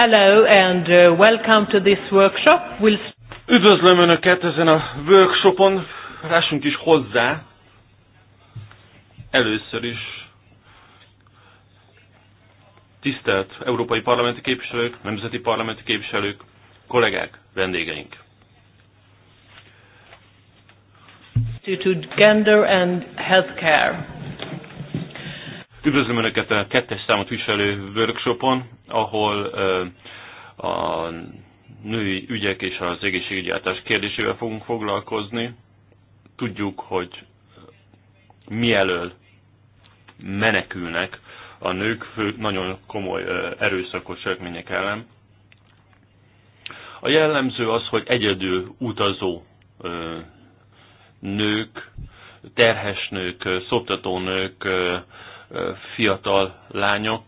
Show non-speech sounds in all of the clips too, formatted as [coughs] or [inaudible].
Hello and uh, welcome to this workshop. We'll... Üdvözlöm Önöket ezen a workshopon, rássunk is hozzá. Először is tisztelt európai parlamenti képviselők, nemzeti parlamenti képviselők, kollégák, vendégeink. To gender and healthcare. Üdvözlöm Önöket a kettes számot viselő workshopon, ahol a női ügyek és az egészségügyi általás kérdésével fogunk foglalkozni. Tudjuk, hogy mielől menekülnek a nők fő, nagyon komoly erőszakos cselekmények ellen. A jellemző az, hogy egyedül utazó nők, terhes nők, szoptató nők, fiatal lányok,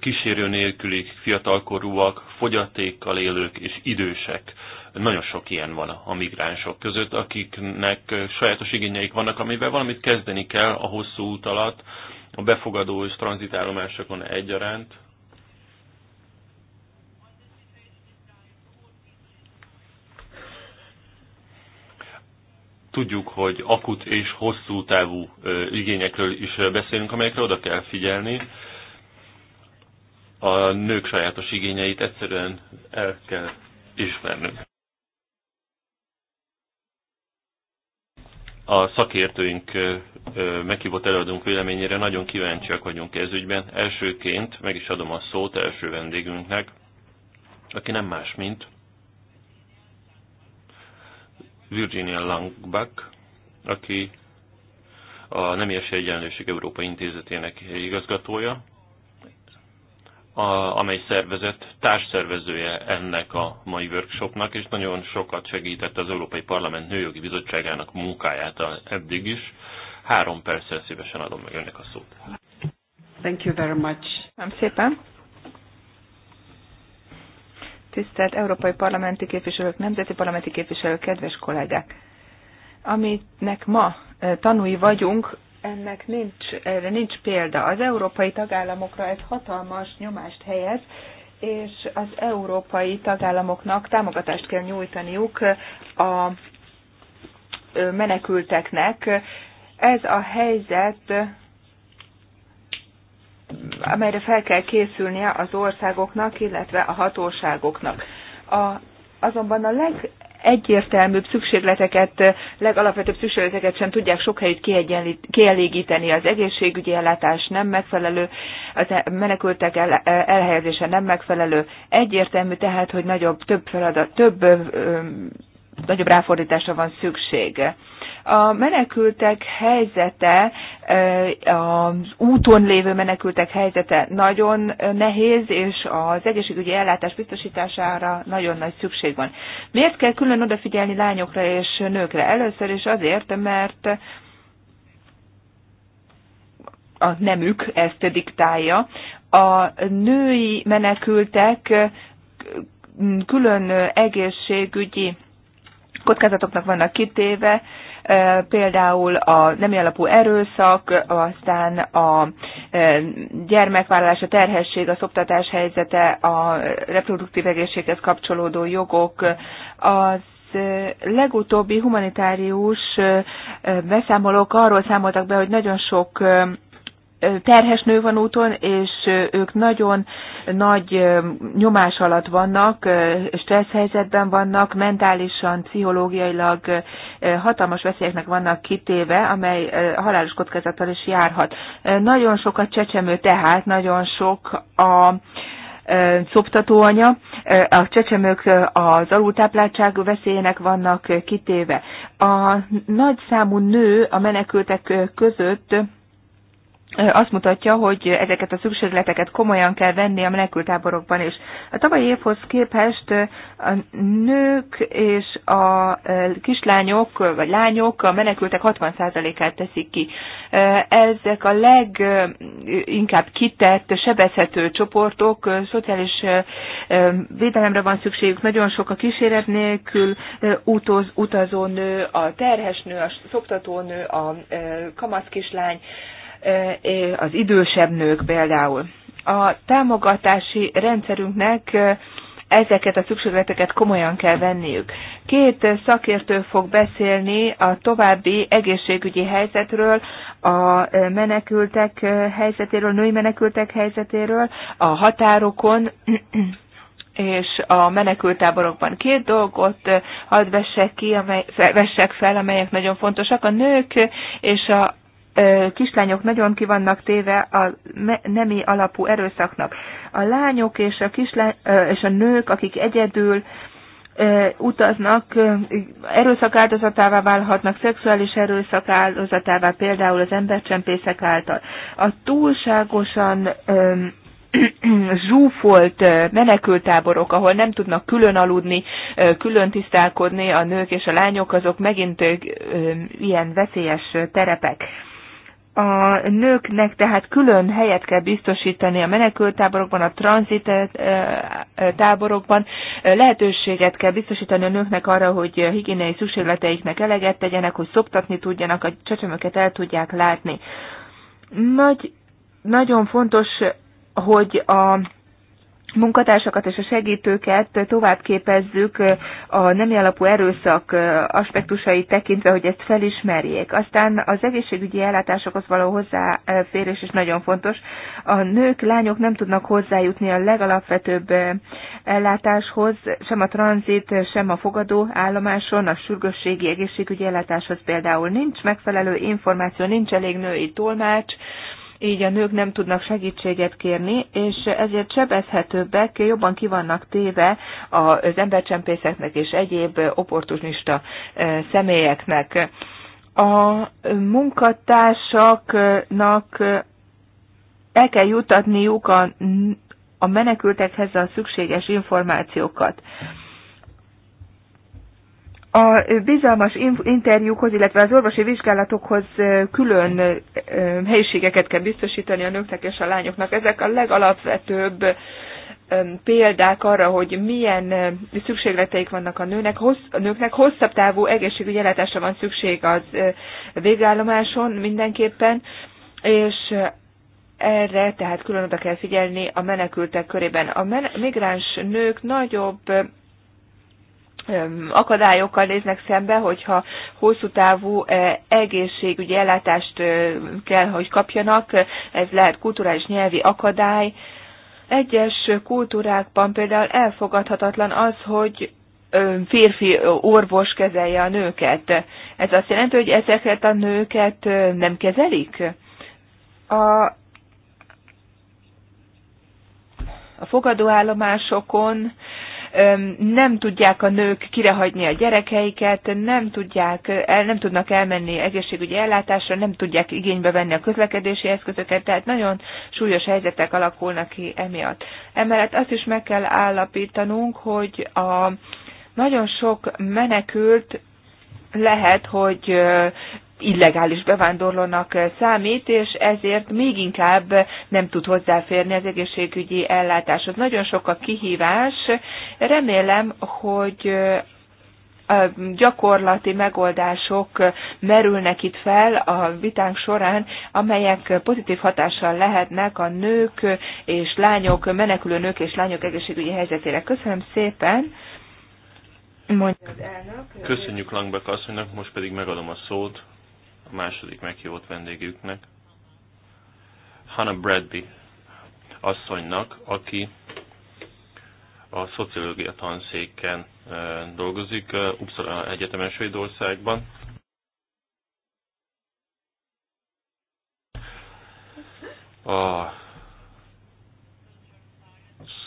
kísérő nélküli fiatalkorúak, fogyatékkal élők és idősek. Nagyon sok ilyen van a migránsok között, akiknek sajátos igényeik vannak, amivel valamit kezdeni kell a hosszú út alatt, a befogadó és tranzitállomásokon egyaránt, tudjuk, hogy akut és hosszú távú igényekről is beszélünk, amelyekre oda kell figyelni. A nők sajátos igényeit egyszerűen el kell ismernünk. A szakértőink meghívott előadónk véleményére nagyon kíváncsiak vagyunk ez ügyben. Elsőként meg is adom a szót első vendégünknek, aki nem más, mint Virginia Langback, aki a Nemies Egyenlőség Európai Intézetének igazgatója, a, amely szervezet társszervezője ennek a mai workshopnak, és nagyon sokat segített az Európai Parlament Nőjogi Bizottságának munkáját eddig is. Három perccel szívesen adom meg önnek a szót. Thank you very much. Nem szépen tisztelt európai parlamenti képviselők, nemzeti parlamenti képviselők, kedves kollégák! Aminek ma tanúi vagyunk, ennek nincs, erre nincs példa. Az európai tagállamokra ez hatalmas nyomást helyez, és az európai tagállamoknak támogatást kell nyújtaniuk a menekülteknek. Ez a helyzet amelyre fel kell készülnie az országoknak, illetve a hatóságoknak. A, azonban a legegyértelműbb szükségleteket, legalapvetőbb szükségleteket sem tudják sok helyütt kielégíteni. Az egészségügyi ellátás nem megfelelő, az e-, menekültek el, elhelyezése nem megfelelő. Egyértelmű tehát, hogy nagyobb, több feladat, több, ö, nagyobb ráfordításra van Ö, a menekültek helyzete, az úton lévő menekültek helyzete nagyon nehéz, és az egészségügyi ellátás biztosítására nagyon nagy szükség van. Miért kell külön odafigyelni lányokra és nőkre? Először is azért, mert a nemük ezt diktálja. A női menekültek külön egészségügyi kockázatoknak vannak kitéve, például a nemi alapú erőszak, aztán a gyermekvállalás, a terhesség, a szoptatás helyzete, a reproduktív egészséghez kapcsolódó jogok, az legutóbbi humanitárius beszámolók arról számoltak be, hogy nagyon sok terhes nő van úton, és ők nagyon nagy nyomás alatt vannak, stressz helyzetben vannak, mentálisan, pszichológiailag hatalmas veszélyeknek vannak kitéve, amely halálos kockázattal is járhat. Nagyon sok a csecsemő, tehát nagyon sok a szoptatóanya, a csecsemők az alultápláltság veszélyének vannak kitéve. A nagy számú nő a menekültek között azt mutatja, hogy ezeket a szükségleteket komolyan kell venni a menekültáborokban is. A tavalyi évhoz képest a nők és a kislányok, vagy lányok a menekültek 60%-át teszik ki. Ezek a leginkább kitett, sebezhető csoportok, szociális védelemre van szükségük, nagyon sok a kíséret nélkül utoz, utazó nő, a terhes nő, a szoptató nő, a kamasz kislány, E, e, az idősebb nők például. A támogatási rendszerünknek e, ezeket a szükségleteket komolyan kell venniük. Két szakértő fog beszélni a további egészségügyi helyzetről, a menekültek helyzetéről, női menekültek helyzetéről, a határokon, [clears throat] és a menekültáborokban két dolgot eh, hadd vessek ki, amely, vessek fel, amelyek nagyon fontosak. A nők és a kislányok nagyon kivannak téve a nemi alapú erőszaknak. A lányok és a, kislány, és a nők, akik egyedül utaznak, erőszak áldozatává válhatnak, szexuális erőszak áldozatává például az embercsempészek által. A túlságosan [clears throat] zsúfolt menekültáborok, ahol nem tudnak külön aludni, külön tisztálkodni a nők és a lányok, azok megint ilyen veszélyes terepek a nőknek tehát külön helyet kell biztosítani a menekültáborokban, a tranzit eh, eh, táborokban, lehetőséget kell biztosítani a nőknek arra, hogy higiéniai szükségleteiknek eleget tegyenek, hogy szoptatni tudjanak, a csecsemőket el tudják látni. Nagy, nagyon fontos, hogy a munkatársakat és a segítőket tovább képezzük eh, a nemi alapú erőszak eh, aspektusait tekintve, hogy ezt felismerjék. Aztán az egészségügyi ellátásokhoz való hozzáférés is nagyon fontos. A nők, lányok nem tudnak hozzájutni a legalapvetőbb eh, ellátáshoz, sem a tranzit, sem a fogadó állomáson, a sürgősségi egészségügyi ellátáshoz például nincs megfelelő információ, nincs elég női tolmács, így a nők nem tudnak segítséget kérni, és ezért sebezhetőbbek, jobban kivannak téve az embercsempészeknek és egyéb opportunista e, személyeknek. A munkatársaknak el kell jutatniuk a, a menekültekhez a szükséges információkat a bizalmas interjúkhoz, illetve az orvosi vizsgálatokhoz külön helyiségeket kell biztosítani a nőknek és a lányoknak. Ezek a legalapvetőbb példák arra, hogy milyen szükségleteik vannak a, nőnek, hossz, a nőknek. Hosszabb távú egészségügyi ellátásra van szükség az végállomáson mindenképpen, és erre tehát külön oda kell figyelni a menekültek körében. A men- migráns nők nagyobb akadályokkal néznek szembe, hogyha hosszú távú egészségügyi ellátást kell, hogy kapjanak, ez lehet kulturális nyelvi akadály. Egyes kultúrákban például elfogadhatatlan az, hogy férfi orvos kezelje a nőket. Ez azt jelenti, hogy ezeket a nőket nem kezelik? A, a fogadóállomásokon nem tudják a nők kirehagyni a gyerekeiket, nem, tudják, el, nem tudnak elmenni egészségügyi ellátásra, nem tudják igénybe venni a közlekedési eszközöket, tehát nagyon súlyos helyzetek alakulnak ki emiatt. Emellett azt is meg kell állapítanunk, hogy a nagyon sok menekült lehet, hogy illegális bevándorlónak eh, számít, és ezért még inkább nem tud hozzáférni az egészségügyi ellátáshoz. Nagyon sok a kihívás. Remélem, hogy eh, gyakorlati megoldások merülnek itt fel a vitánk során, amelyek pozitív hatással lehetnek a nők és lányok, menekülő nők és lányok egészségügyi helyzetére. Köszönöm szépen! Köszönjük Langbek asszonynak, most pedig megadom a szót a második meghívott vendégüknek, Hannah Bradby asszonynak, aki a szociológia tanszéken e, dolgozik e, Uppsala Egyetemen Svédországban. A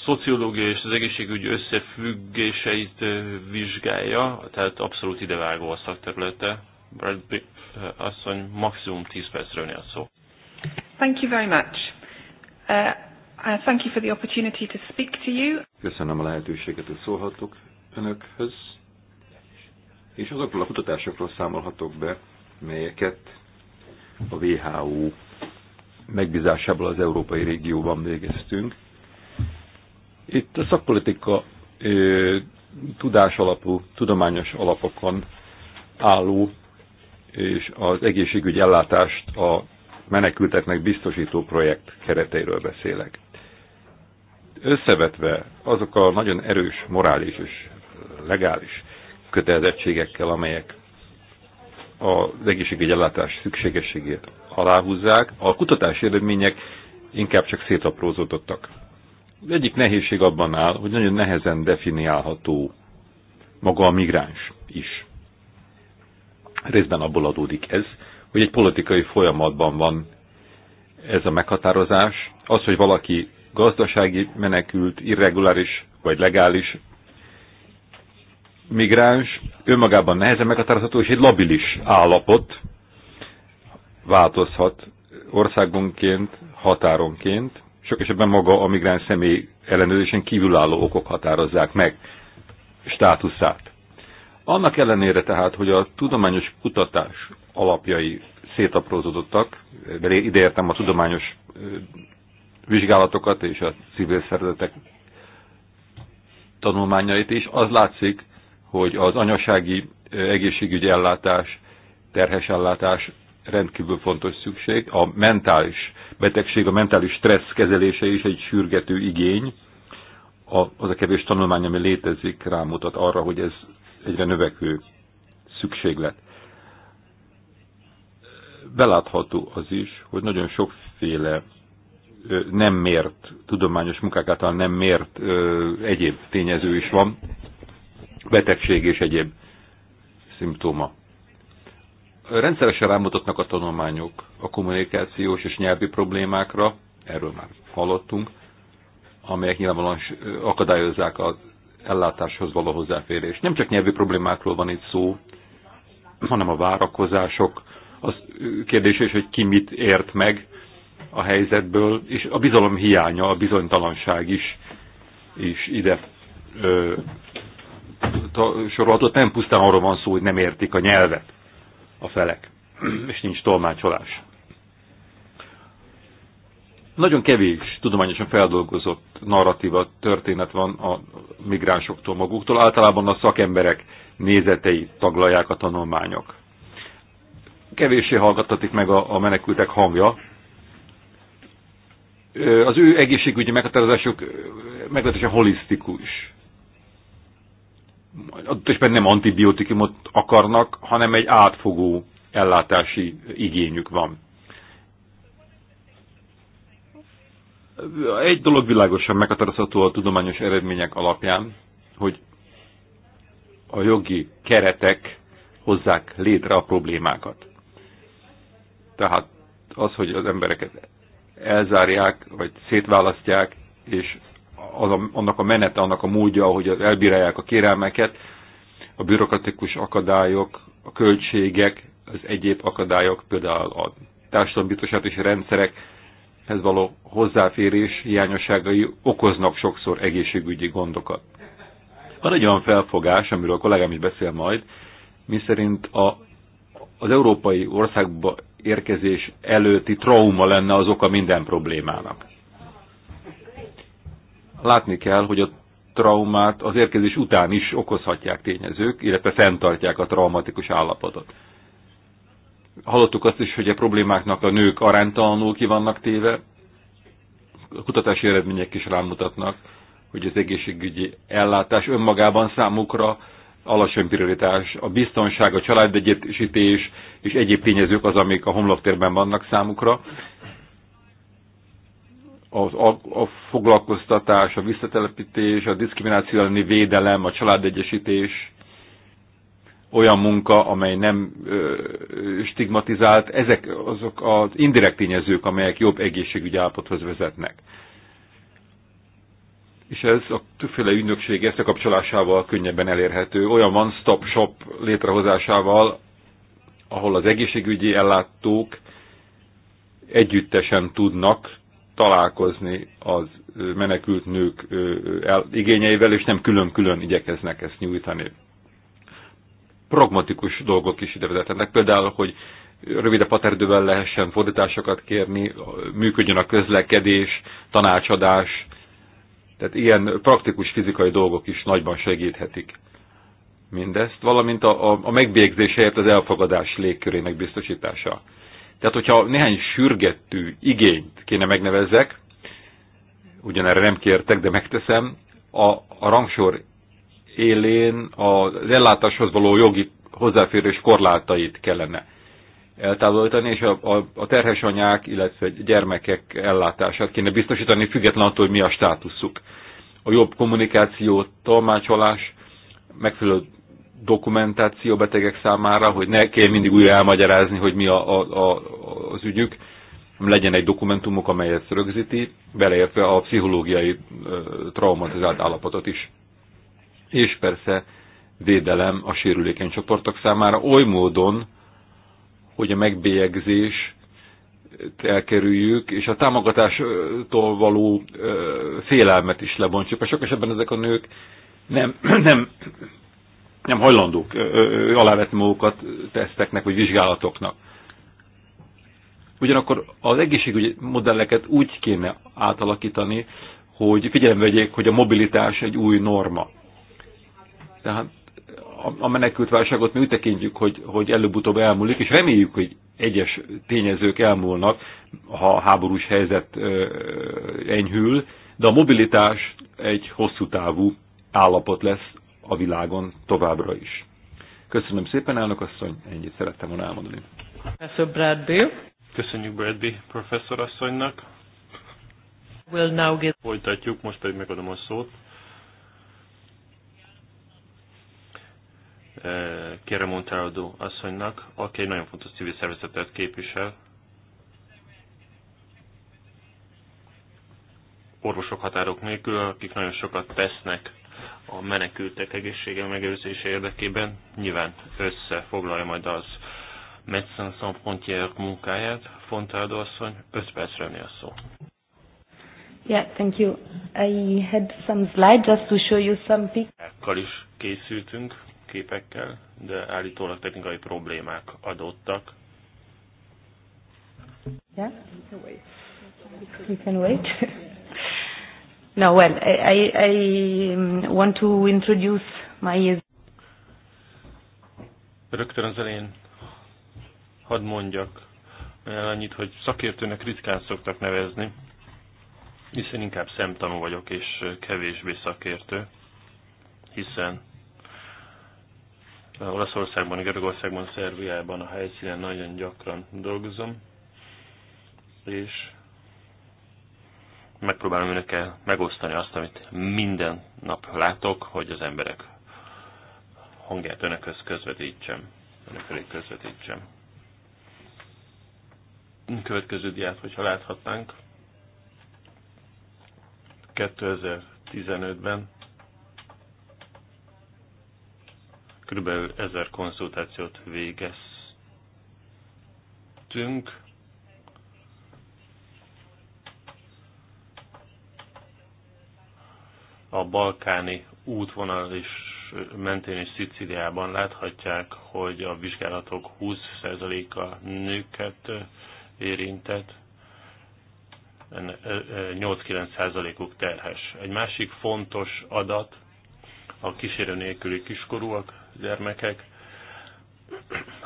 szociológia és az egészségügy összefüggéseit e, vizsgálja, tehát abszolút idevágó a szakterülete. Brad eh, asszony, maximum 10 percről nyert szó. Thank you very much. Uh, thank you for the opportunity to speak to you. Köszönöm a lehetőséget, hogy szólhatok önökhöz, és azokról a kutatásokról számolhatok be, melyeket a WHO megbízásából az európai régióban végeztünk. Itt a szakpolitika ö, tudás alapú, tudományos alapokon álló és az egészségügyi ellátást a menekülteknek biztosító projekt kereteiről beszélek. Összevetve azok a nagyon erős morális és legális kötelezettségekkel, amelyek az egészségügyi ellátás szükségességét aláhúzzák, a kutatási eredmények inkább csak szétaprózódottak. Az egyik nehézség abban áll, hogy nagyon nehezen definiálható maga a migráns is. Részben abból adódik ez, hogy egy politikai folyamatban van ez a meghatározás. Az, hogy valaki gazdasági menekült, irreguláris vagy legális migráns, önmagában nehezen meghatározható, és egy labilis állapot változhat országonként, határonként, sok esetben maga a migráns személy ellenőrzésen kívülálló okok határozzák meg státuszát. Annak ellenére tehát, hogy a tudományos kutatás alapjai szétaprózódottak, ideértem a tudományos vizsgálatokat és a civil szervezetek tanulmányait is, az látszik, hogy az anyasági egészségügyi ellátás, terhes ellátás rendkívül fontos szükség. A mentális betegség, a mentális stressz kezelése is egy sürgető igény. A, az a kevés tanulmány, ami létezik, rámutat arra, hogy ez egyre növekvő szükséglet. Belátható az is, hogy nagyon sokféle nem mért, tudományos munkák által nem mért egyéb tényező is van, betegség és egyéb szimptóma. Rendszeresen rámutatnak a tanulmányok a kommunikációs és nyelvi problémákra, erről már hallottunk, amelyek nyilvánvalóan akadályozzák a ellátáshoz való hozzáférés. Nem csak nyelvi problémákról van itt szó, hanem a várakozások, az kérdés is, hogy ki mit ért meg a helyzetből, és a bizalom hiánya, a bizonytalanság is, is ide ö, sorolhatott. Nem pusztán arról van szó, hogy nem értik a nyelvet a felek, [clears throat] és nincs tolmácsolás. Nagyon kevés tudományosan feldolgozott narratíva, történet van a migránsoktól maguktól, általában a szakemberek nézetei taglalják a tanulmányok. Kevéssé hallgattatik meg a, a menekültek hangja. Az ő egészségügyi meghatározásuk meglehetősen holisztikus. Adott esetben nem antibiotikumot akarnak, hanem egy átfogó ellátási igényük van. egy dolog világosan meghatározható a tudományos eredmények alapján, hogy a jogi keretek hozzák létre a problémákat. Tehát az, hogy az embereket elzárják, vagy szétválasztják, és az a, annak a menete, annak a módja, hogy elbírálják a kérelmeket, a bürokratikus akadályok, a költségek, az egyéb akadályok, például a társadalombiztosítási rendszerek ez való hozzáférés hiányosságai okoznak sokszor egészségügyi gondokat. Van egy olyan felfogás, amiről a kollégám is beszél majd, miszerint a, az európai országba érkezés előtti trauma lenne az oka minden problémának. Látni kell, hogy a traumát az érkezés után is okozhatják tényezők, illetve fenntartják a traumatikus állapotot. Hallottuk azt is, hogy a problémáknak a nők aránytalanul ki vannak téve. A kutatási eredmények is rámutatnak, hogy az egészségügyi ellátás önmagában számukra alacsony prioritás. A biztonság, a családegyesítés és egyéb tényezők az, amik a homloktérben vannak számukra. A, a, a foglalkoztatás, a visszatelepítés, a diszkrimináció elleni védelem, a családegyesítés, olyan munka, amely nem ö, stigmatizált, ezek azok az indirekt tényezők, amelyek jobb egészségügyi állapothoz vezetnek. És ez a többféle ügynökség összekapcsolásával könnyebben elérhető. Olyan one-stop shop létrehozásával, ahol az egészségügyi ellátók együttesen tudnak találkozni az menekült nők igényeivel, és nem külön-külön igyekeznek ezt nyújtani pragmatikus dolgok is ide vezetnek. Például, hogy rövidebb határidővel lehessen fordításokat kérni, működjön a közlekedés, tanácsadás. Tehát ilyen praktikus fizikai dolgok is nagyban segíthetik mindezt, valamint a, a, a megbégzés helyett az elfogadás légkörének biztosítása. Tehát, hogyha néhány sürgető igényt kéne megnevezzek, ugyanerre nem kértek, de megteszem, a, a rangsor élén az ellátáshoz való jogi hozzáférés korlátait kellene eltávolítani, és a, a, a terhes anyák, illetve gyermekek ellátását kéne biztosítani, független attól, hogy mi a státuszuk. A jobb kommunikáció, tolmácsolás, megfelelő dokumentáció betegek számára, hogy ne kell mindig újra elmagyarázni, hogy mi a, a, a, az ügyük, legyen egy dokumentumok, amelyet rögzíti, beleértve a pszichológiai traumatizált állapotot is és persze védelem a sérülékeny csoportok számára oly módon, hogy a megbélyegzés elkerüljük, és a támogatástól való félelmet is lebontjuk. Mert sok esetben ezek a nők nem, [clears throat] nem, nem hajlandók alávetni magukat teszteknek vagy vizsgálatoknak. Ugyanakkor az egészségügyi modelleket úgy kéne átalakítani, hogy figyelembe vegyék, hogy a mobilitás egy új norma. Tehát a válságot mi úgy tekintjük, hogy, hogy előbb-utóbb elmúlik, és reméljük, hogy egyes tényezők elmúlnak, ha a háborús helyzet enyhül, de a mobilitás egy hosszú távú állapot lesz a világon továbbra is. Köszönöm szépen, elnök asszony, ennyit szerettem volna elmondani. Professor Bradby. Köszönjük Bradby professzor asszonynak. We'll now get... Folytatjuk, most pedig megadom a szót Kérem Monteladó asszonynak, aki egy nagyon fontos civil szervezetet képvisel. Orvosok határok nélkül, akik nagyon sokat tesznek a menekültek egészsége megőrzése érdekében, nyilván összefoglalja majd az Medicine Sans Frontières munkáját. Fontáldó asszony, 5 percre a szó. Yeah, thank you. I had some slides just to show you some pictures. Ekkal is készültünk képekkel, de állítólag technikai problémák adottak. Yeah, we can wait. [laughs] no, well, I, I um, want to introduce my... Rögtön az elén hadd mondjak el annyit, hogy szakértőnek ritkán szoktak nevezni, hiszen inkább szemtanú vagyok, és kevésbé szakértő, hiszen Olaszországban, Görögországban, Szerbiában a helyszínen nagyon gyakran dolgozom, és megpróbálom önökkel megosztani azt, amit minden nap látok, hogy az emberek hangját önökhöz közvetítsem, önök felé közvetítsem. Következő diát, hogyha láthatnánk, 2015-ben Körülbelül ezer konzultációt végeztünk. A balkáni útvonal is mentén és Sziciliában láthatják, hogy a vizsgálatok 20%-a nőket érintett, 8-9%-uk terhes. Egy másik fontos adat a kísérő nélküli kiskorúak gyermekek,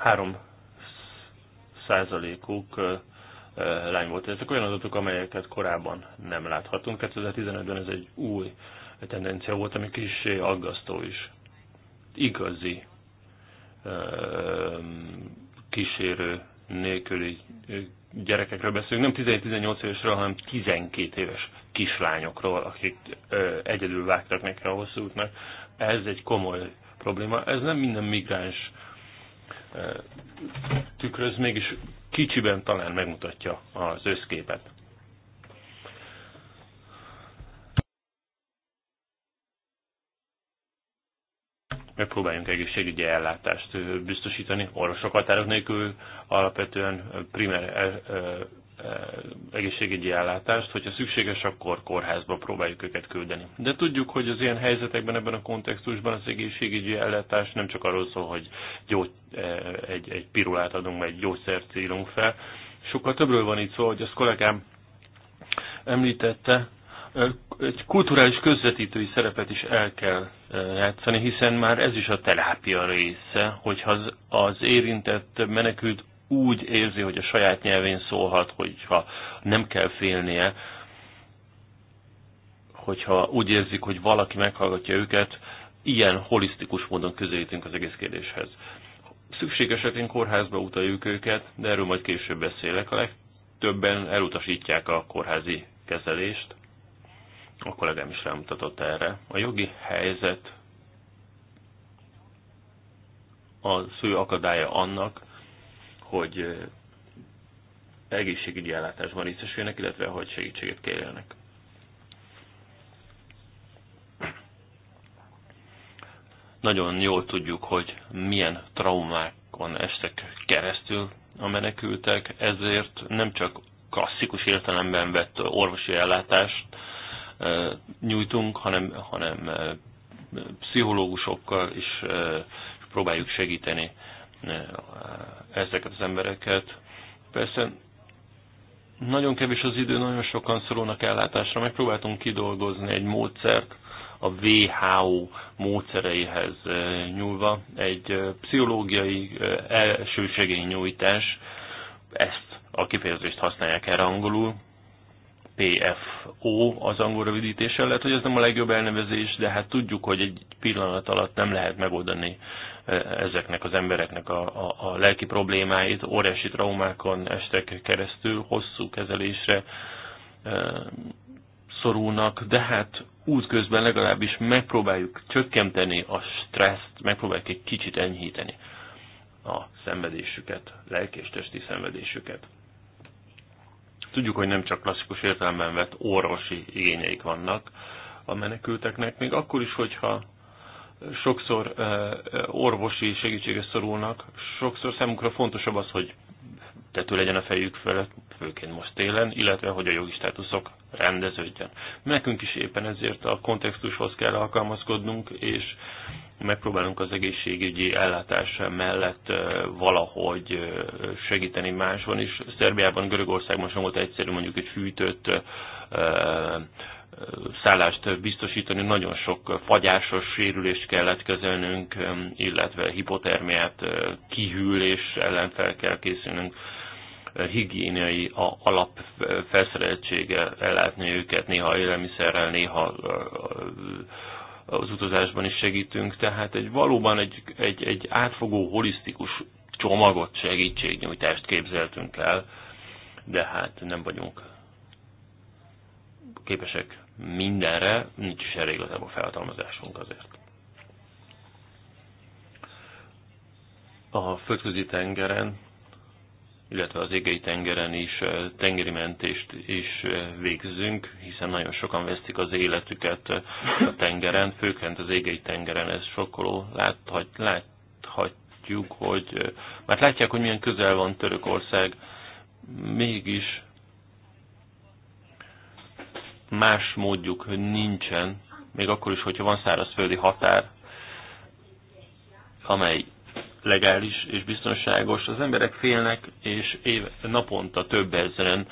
3 százalékuk lány volt. Ezek olyan adatok, amelyeket korábban nem láthatunk. 2015-ben ez egy új tendencia volt, ami kis aggasztó is. Igazi kísérő nélküli gyerekekről beszélünk, nem 17-18 évesről, hanem 12 éves kislányokról, akik egyedül vágtak neki a hosszú útnak. Ez egy komoly probléma. Ez nem minden migráns eh, tükröz, mégis kicsiben talán megmutatja az összképet. megpróbáljunk egészségügyi ellátást eh, biztosítani. Orvosok határok nélkül alapvetően eh, primer Eh, egészségügyi ellátást, hogyha szükséges, akkor kórházba próbáljuk őket küldeni. De tudjuk, hogy az ilyen helyzetekben, ebben a kontextusban az egészségügyi ellátás nem csak arról szól, hogy gyógy, eh, egy, egy pirulát adunk, vagy egy gyógyszert írunk fel. Sokkal többről van itt szó, hogy az kollégám említette, egy kulturális közvetítői szerepet is el kell eh, játszani, hiszen már ez is a terápia része, hogyha az, az érintett menekült úgy érzi, hogy a saját nyelvén szólhat, hogyha nem kell félnie, hogyha úgy érzik, hogy valaki meghallgatja őket, ilyen holisztikus módon közelítünk az egész kérdéshez. Szükség esetén kórházba utaljuk őket, de erről majd később beszélek. A legtöbben elutasítják a kórházi kezelést. A kollégám is rámutatott erre. A jogi helyzet a fő akadálya annak, hogy egészségügyi ellátásban részesüljenek, illetve hogy segítséget kérjenek. Nagyon jól tudjuk, hogy milyen traumákon estek keresztül a menekültek, ezért nem csak klasszikus értelemben vett orvosi ellátást nyújtunk, hanem, hanem pszichológusokkal is próbáljuk segíteni ezeket az embereket. Persze nagyon kevés az idő, nagyon sokan szorulnak ellátásra. Megpróbáltunk kidolgozni egy módszert a WHO módszereihez nyúlva. Egy pszichológiai nyújtás. ezt a kifejezést használják erre angolul, PFO az angol rövidítése. Lehet, hogy ez nem a legjobb elnevezés, de hát tudjuk, hogy egy pillanat alatt nem lehet megoldani ezeknek az embereknek a, a, a lelki problémáit, óriási traumákon estek keresztül, hosszú kezelésre szorulnak, de hát útközben legalábbis megpróbáljuk csökkenteni a stresszt, megpróbáljuk egy kicsit enyhíteni a szenvedésüket, lelki és testi szenvedésüket. Tudjuk, hogy nem csak klasszikus értelemben vett orvosi igényeik vannak a menekülteknek, még akkor is, hogyha sokszor orvosi segítségre szorulnak, sokszor számukra fontosabb az, hogy tető legyen a fejük felett, főként most télen, illetve hogy a jogi státuszok rendeződjen. Nekünk is éppen ezért a kontextushoz kell alkalmazkodnunk, és megpróbálunk az egészségügyi ellátás mellett valahogy segíteni máson is. Szerbiában, Görögországban sem volt egyszerű mondjuk egy fűtött szállást biztosítani, nagyon sok fagyásos sérülést kellett kezelnünk, illetve hipotermiát, kihűlés ellen fel kell készülnünk, higiéniai alapfelszereltsége ellátni őket, néha élelmiszerrel, néha az utazásban is segítünk, tehát egy valóban egy, egy, egy átfogó, holisztikus csomagot, segítségnyújtást képzeltünk el, de hát nem vagyunk képesek mindenre, nincs is elég a felhatalmazásunk azért. A földközi tengeren, illetve az égei tengeren is eh, tengeri mentést is eh, végzünk, hiszen nagyon sokan veszik az életüket eh, a tengeren, főként az égei tengeren ez sokkoló, láthat, láthatjuk, hogy mert látják, hogy milyen közel van Törökország, mégis más módjuk nincsen, még akkor is, hogyha van szárazföldi határ, amely legális és biztonságos. Az emberek félnek, és év, naponta több ezeren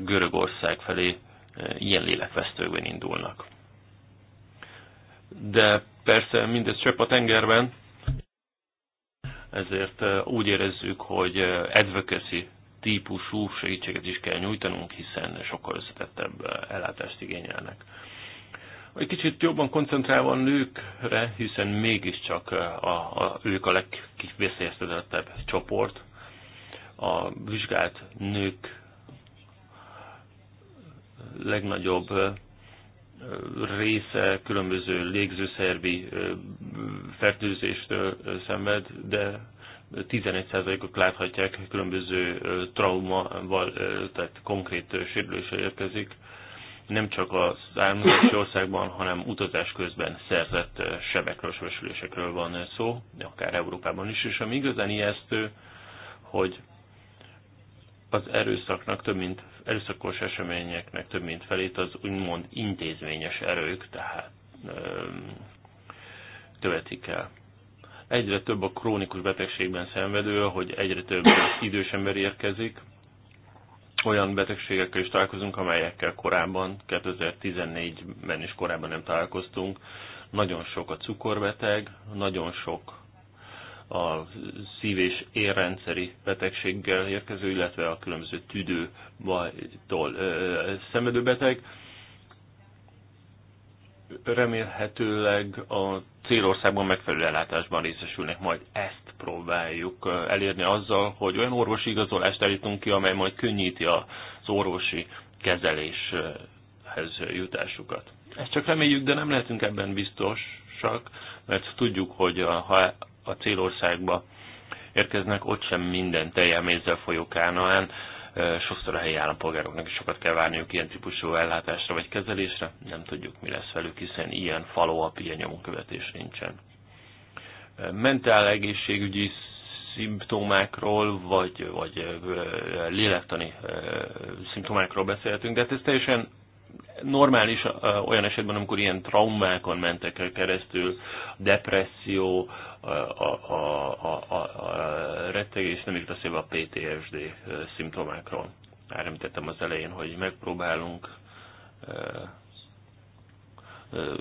Görögország felé ilyen lélekvesztőkben indulnak. De persze mindez csöpp a tengerben, ezért úgy érezzük, hogy advocacy típusú segítséget is kell nyújtanunk, hiszen sokkal összetettebb eh, ellátást igényelnek. Egy kicsit jobban koncentrálva a nőkre, hiszen mégiscsak eh, a, a, ők a legveszélyeztetettebb csoport. A vizsgált nők eh, legnagyobb része különböző légzőszervi fertőzéstől szenved, de 11%-ok láthatják, különböző traumával, tehát konkrét sérülése érkezik, nem csak az származási [coughs] országban, hanem utazás közben szerzett sebekről, sebesülésekről van szó, akár Európában is, és ami igazán ijesztő, hogy az erőszaknak több mint, erőszakos eseményeknek több mint felét az úgymond intézményes erők, tehát követik el. Egyre több a krónikus betegségben szenvedő, hogy egyre több idős ember érkezik. Olyan betegségekkel is találkozunk, amelyekkel korábban, 2014-ben is korábban nem találkoztunk. Nagyon sok a cukorbeteg, nagyon sok a szív- és érrendszeri betegséggel érkező, illetve a különböző tüdőbajtól szenvedő beteg remélhetőleg a célországban megfelelő ellátásban részesülnek, majd ezt próbáljuk elérni azzal, hogy olyan orvosi igazolást állítunk ki, amely majd könnyíti az orvosi kezeléshez jutásukat. Ezt csak reméljük, de nem lehetünk ebben biztosak, mert tudjuk, hogy ha a célországba érkeznek, ott sem minden teljel mézzel folyó kánaán sokszor a helyi állampolgároknak is sokat kell várniuk ilyen típusú ellátásra vagy kezelésre, nem tudjuk mi lesz velük, hiszen ilyen follow-up, ilyen nyomonkövetés nincsen. Mentál egészségügyi szimptomákról, vagy, vagy lélektani szimptomákról beszélhetünk, de hát ez teljesen normális olyan esetben, amikor ilyen traumákon mentek keresztül, depresszió, a, a, a, a, a rettegés, nem is beszélve a PTSD szimptomákról. Már említettem az elején, hogy megpróbálunk,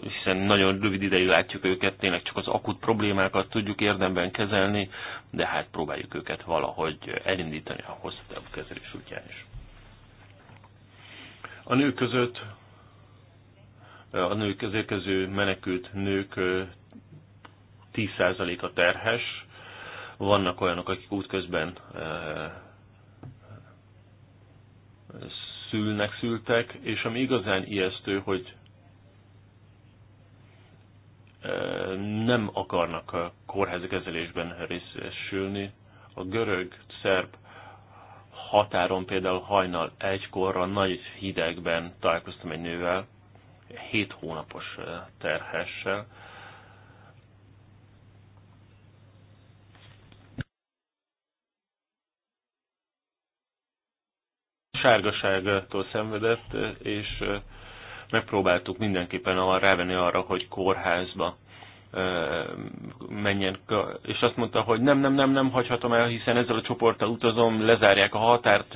hiszen nagyon rövid ideig látjuk őket, tényleg csak az akut problémákat tudjuk érdemben kezelni, de hát próbáljuk őket valahogy elindítani a hosszú távú kezelés útján is. A nők között a nők, az érkező menekült nők 10%-a terhes, vannak olyanok, akik útközben eh, szülnek, szültek, és ami igazán ijesztő, hogy eh, nem akarnak a kórházi kezelésben részesülni. A görög-szerb határon például hajnal egykorra nagy hidegben találkoztam egy nővel, 7 hónapos eh, terhessel, sárgaságtól szenvedett, és megpróbáltuk mindenképpen arra rávenni arra, hogy kórházba menjen, és azt mondta, hogy nem, nem, nem, nem hagyhatom el, hiszen ezzel a csoporttal utazom, lezárják a határt,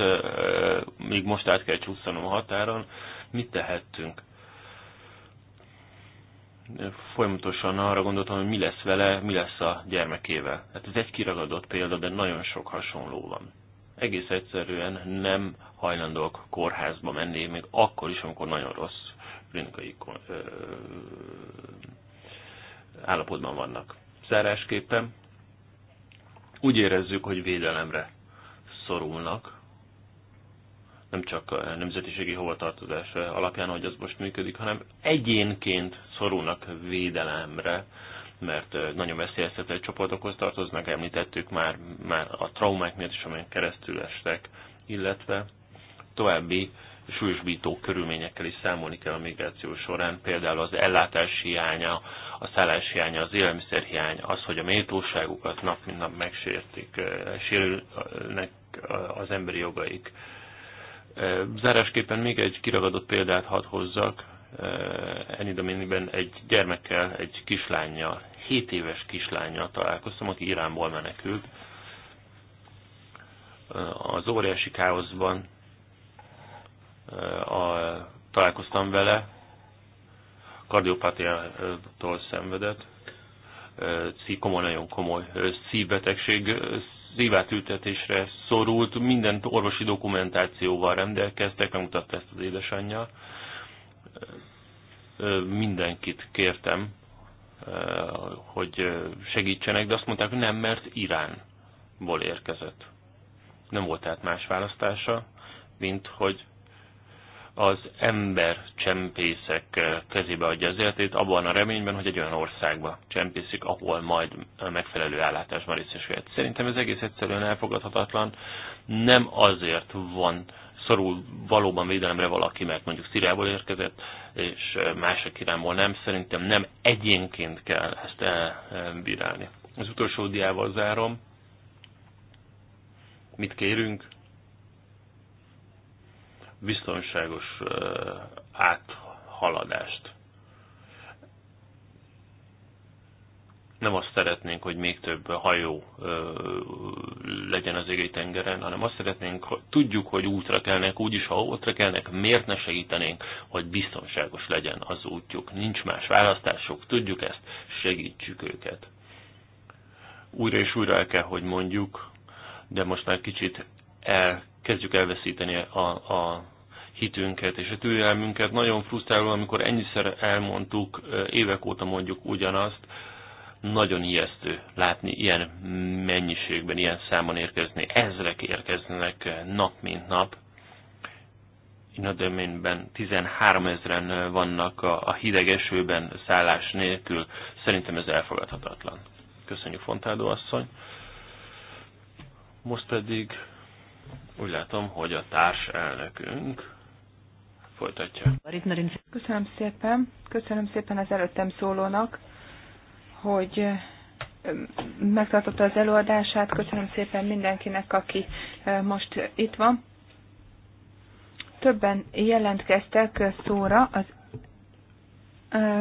még most át kell csúszanom a határon. Mit tehettünk? Folyamatosan arra gondoltam, hogy mi lesz vele, mi lesz a gyermekével. Hát ez egy kiragadott példa, de nagyon sok hasonló van egész egyszerűen nem hajlandók kórházba menni, még akkor is, amikor nagyon rossz klinikai állapotban vannak. Zárásképpen úgy érezzük, hogy védelemre szorulnak, nem csak a nemzetiségi hovatartozás alapján, hogy az most működik, hanem egyénként szorulnak védelemre mert nagyon veszélyeztető csoportokhoz tartoznak, említettük már, már a traumák miatt is, amelyen keresztül estek, illetve további súlyosbító körülményekkel is számolni kell a migráció során, például az ellátás hiánya, a szállás hiánya, az élelmiszer hiány, az, hogy a méltóságukat nap mint nap megsértik, sérülnek az emberi jogaik. Zárásképpen még egy kiragadott példát hadd hozzak, Enidaminiben egy gyermekkel, egy kislányjal 7 éves kislányjal találkoztam, aki Iránból menekült. Az óriási káoszban a, találkoztam vele, kardiopátiától szenvedett, komoly, nagyon komoly szívbetegség, szívátültetésre szorult, minden orvosi dokumentációval rendelkeztek, megmutatta ezt az édesanyja. Mindenkit kértem, Eh, hogy eh, segítsenek, de azt mondták, hogy nem, mert Iránból érkezett. Nem volt tehát más választása, mint hogy az ember csempészek eh, kezébe adja az életét, abban a reményben, hogy egy olyan országba csempészik, ahol majd megfelelő állátásban részesülhet. Szerintem ez egész egyszerűen elfogadhatatlan. Nem azért van szorul valóban védelemre valaki, mert mondjuk Szíriából érkezett, és mások irányból nem, szerintem nem egyénként kell ezt elbírálni. Az utolsó diával zárom. Mit kérünk? Biztonságos áthaladást. nem azt szeretnénk, hogy még több hajó legyen az égei tengeren, hanem azt szeretnénk, hogy tudjuk, hogy útra kelnek, úgyis ha útra kelnek, miért ne segítenénk, hogy biztonságos legyen az útjuk. Nincs más választásuk, tudjuk ezt, segítsük őket. Újra és újra el kell, hogy mondjuk, de most már kicsit el, kezdjük elveszíteni a, a hitünket és a türelmünket. Nagyon frusztráló, amikor ennyiszer elmondtuk, évek óta mondjuk ugyanazt, nagyon ijesztő látni ilyen mennyiségben, ilyen számon érkezni. Ezrek érkeznek nap mint nap. Inadöményben 13 ezeren vannak a hideg esőben szállás nélkül. Szerintem ez elfogadhatatlan. Köszönjük Fontádó asszony. Most pedig úgy látom, hogy a társ elnökünk folytatja. Köszönöm szépen. Köszönöm szépen az előttem szólónak hogy megtartotta az előadását. Köszönöm szépen mindenkinek, aki most itt van. Többen jelentkeztek szóra. Az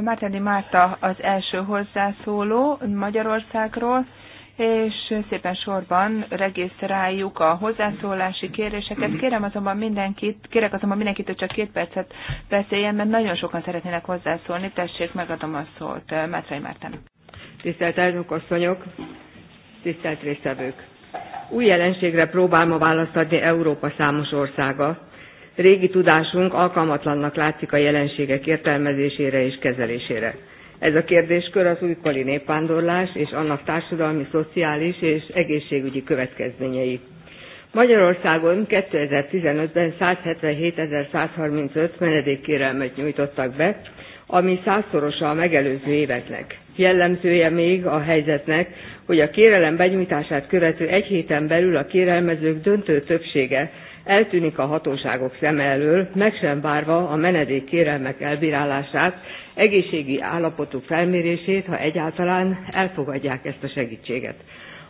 Márteni Márta az első hozzászóló Magyarországról, és szépen sorban regisztráljuk a hozzászólási kéréseket. Kérem azonban mindenkit, kérek azonban mindenkit, hogy csak két percet beszéljen, mert nagyon sokan szeretnének hozzászólni. Tessék, megadom a szót Mátrai Mártának tisztelt elnökasszonyok, tisztelt résztvevők! Új jelenségre próbál ma választ adni Európa számos országa. Régi tudásunk alkalmatlannak látszik a jelenségek értelmezésére és kezelésére. Ez a kérdéskör az újkori népvándorlás és annak társadalmi, szociális és egészségügyi következményei. Magyarországon 2015-ben 177.135 menedékkérelmet nyújtottak be, ami százszorosa a megelőző éveknek jellemzője még a helyzetnek, hogy a kérelem benyújtását követő egy héten belül a kérelmezők döntő többsége eltűnik a hatóságok szeme elől, meg sem várva a menedék kérelmek elbírálását, egészségi állapotuk felmérését, ha egyáltalán elfogadják ezt a segítséget.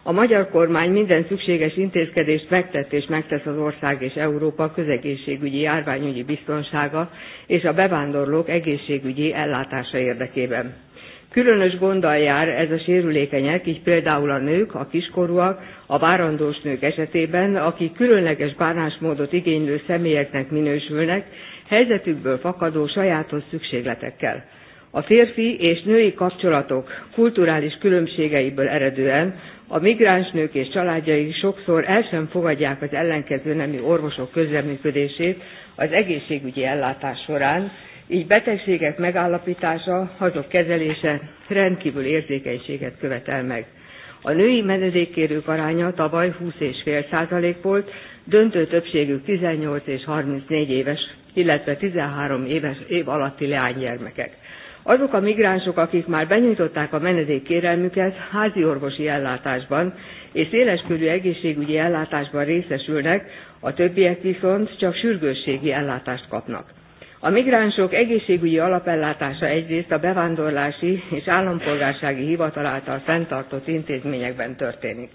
A magyar kormány minden szükséges intézkedést megtett és megtesz az ország és Európa közegészségügyi, járványügyi biztonsága és a bevándorlók egészségügyi ellátása érdekében. Különös gonddal jár ez a sérülékenyek, így például a nők, a kiskorúak, a várandós nők esetében, akik különleges bánásmódot igénylő személyeknek minősülnek, helyzetükből fakadó sajátos szükségletekkel. A férfi és női kapcsolatok kulturális különbségeiből eredően a migráns nők és családjai sokszor el sem fogadják az ellenkező nemi orvosok közreműködését az egészségügyi ellátás során, így betegségek megállapítása, azok kezelése rendkívül érzékenységet követel meg. A női menedékkérők aránya tavaly 20,5% volt, döntő többségük 18 és 34 éves, illetve 13 éves év alatti leánygyermekek. Azok a migránsok, akik már benyújtották a menedékkérelmüket házi orvosi ellátásban és széleskörű egészségügyi ellátásban részesülnek, a többiek viszont csak sürgősségi ellátást kapnak. A migránsok egészségügyi alapellátása egyrészt a bevándorlási és állampolgársági hivatal által fenntartott intézményekben történik.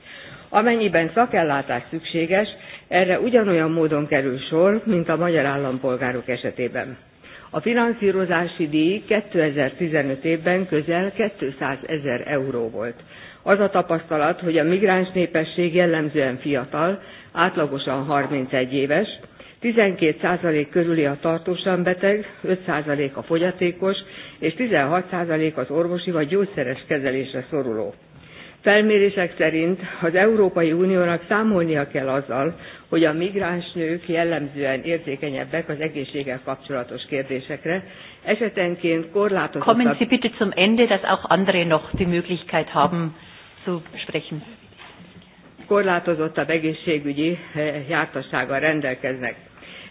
Amennyiben szakellátás szükséges, erre ugyanolyan módon kerül sor, mint a magyar állampolgárok esetében. A finanszírozási díj 2015 évben közel 200 ezer euró volt. Az a tapasztalat, hogy a migráns népesség jellemzően fiatal, átlagosan 31 éves, 12% körüli a tartósan beteg, 5% a fogyatékos, és 16% az orvosi vagy gyógyszeres kezelésre szoruló. Felmérések szerint az Európai Uniónak számolnia kell azzal, hogy a migráns nők jellemzően érzékenyebbek az egészséggel kapcsolatos kérdésekre, esetenként korlátozottabb... Kommen Sie bitte zum Ende, dass auch andere noch die Möglichkeit haben zu sprechen. Korlátozottabb egészségügyi eh, jártassággal rendelkeznek.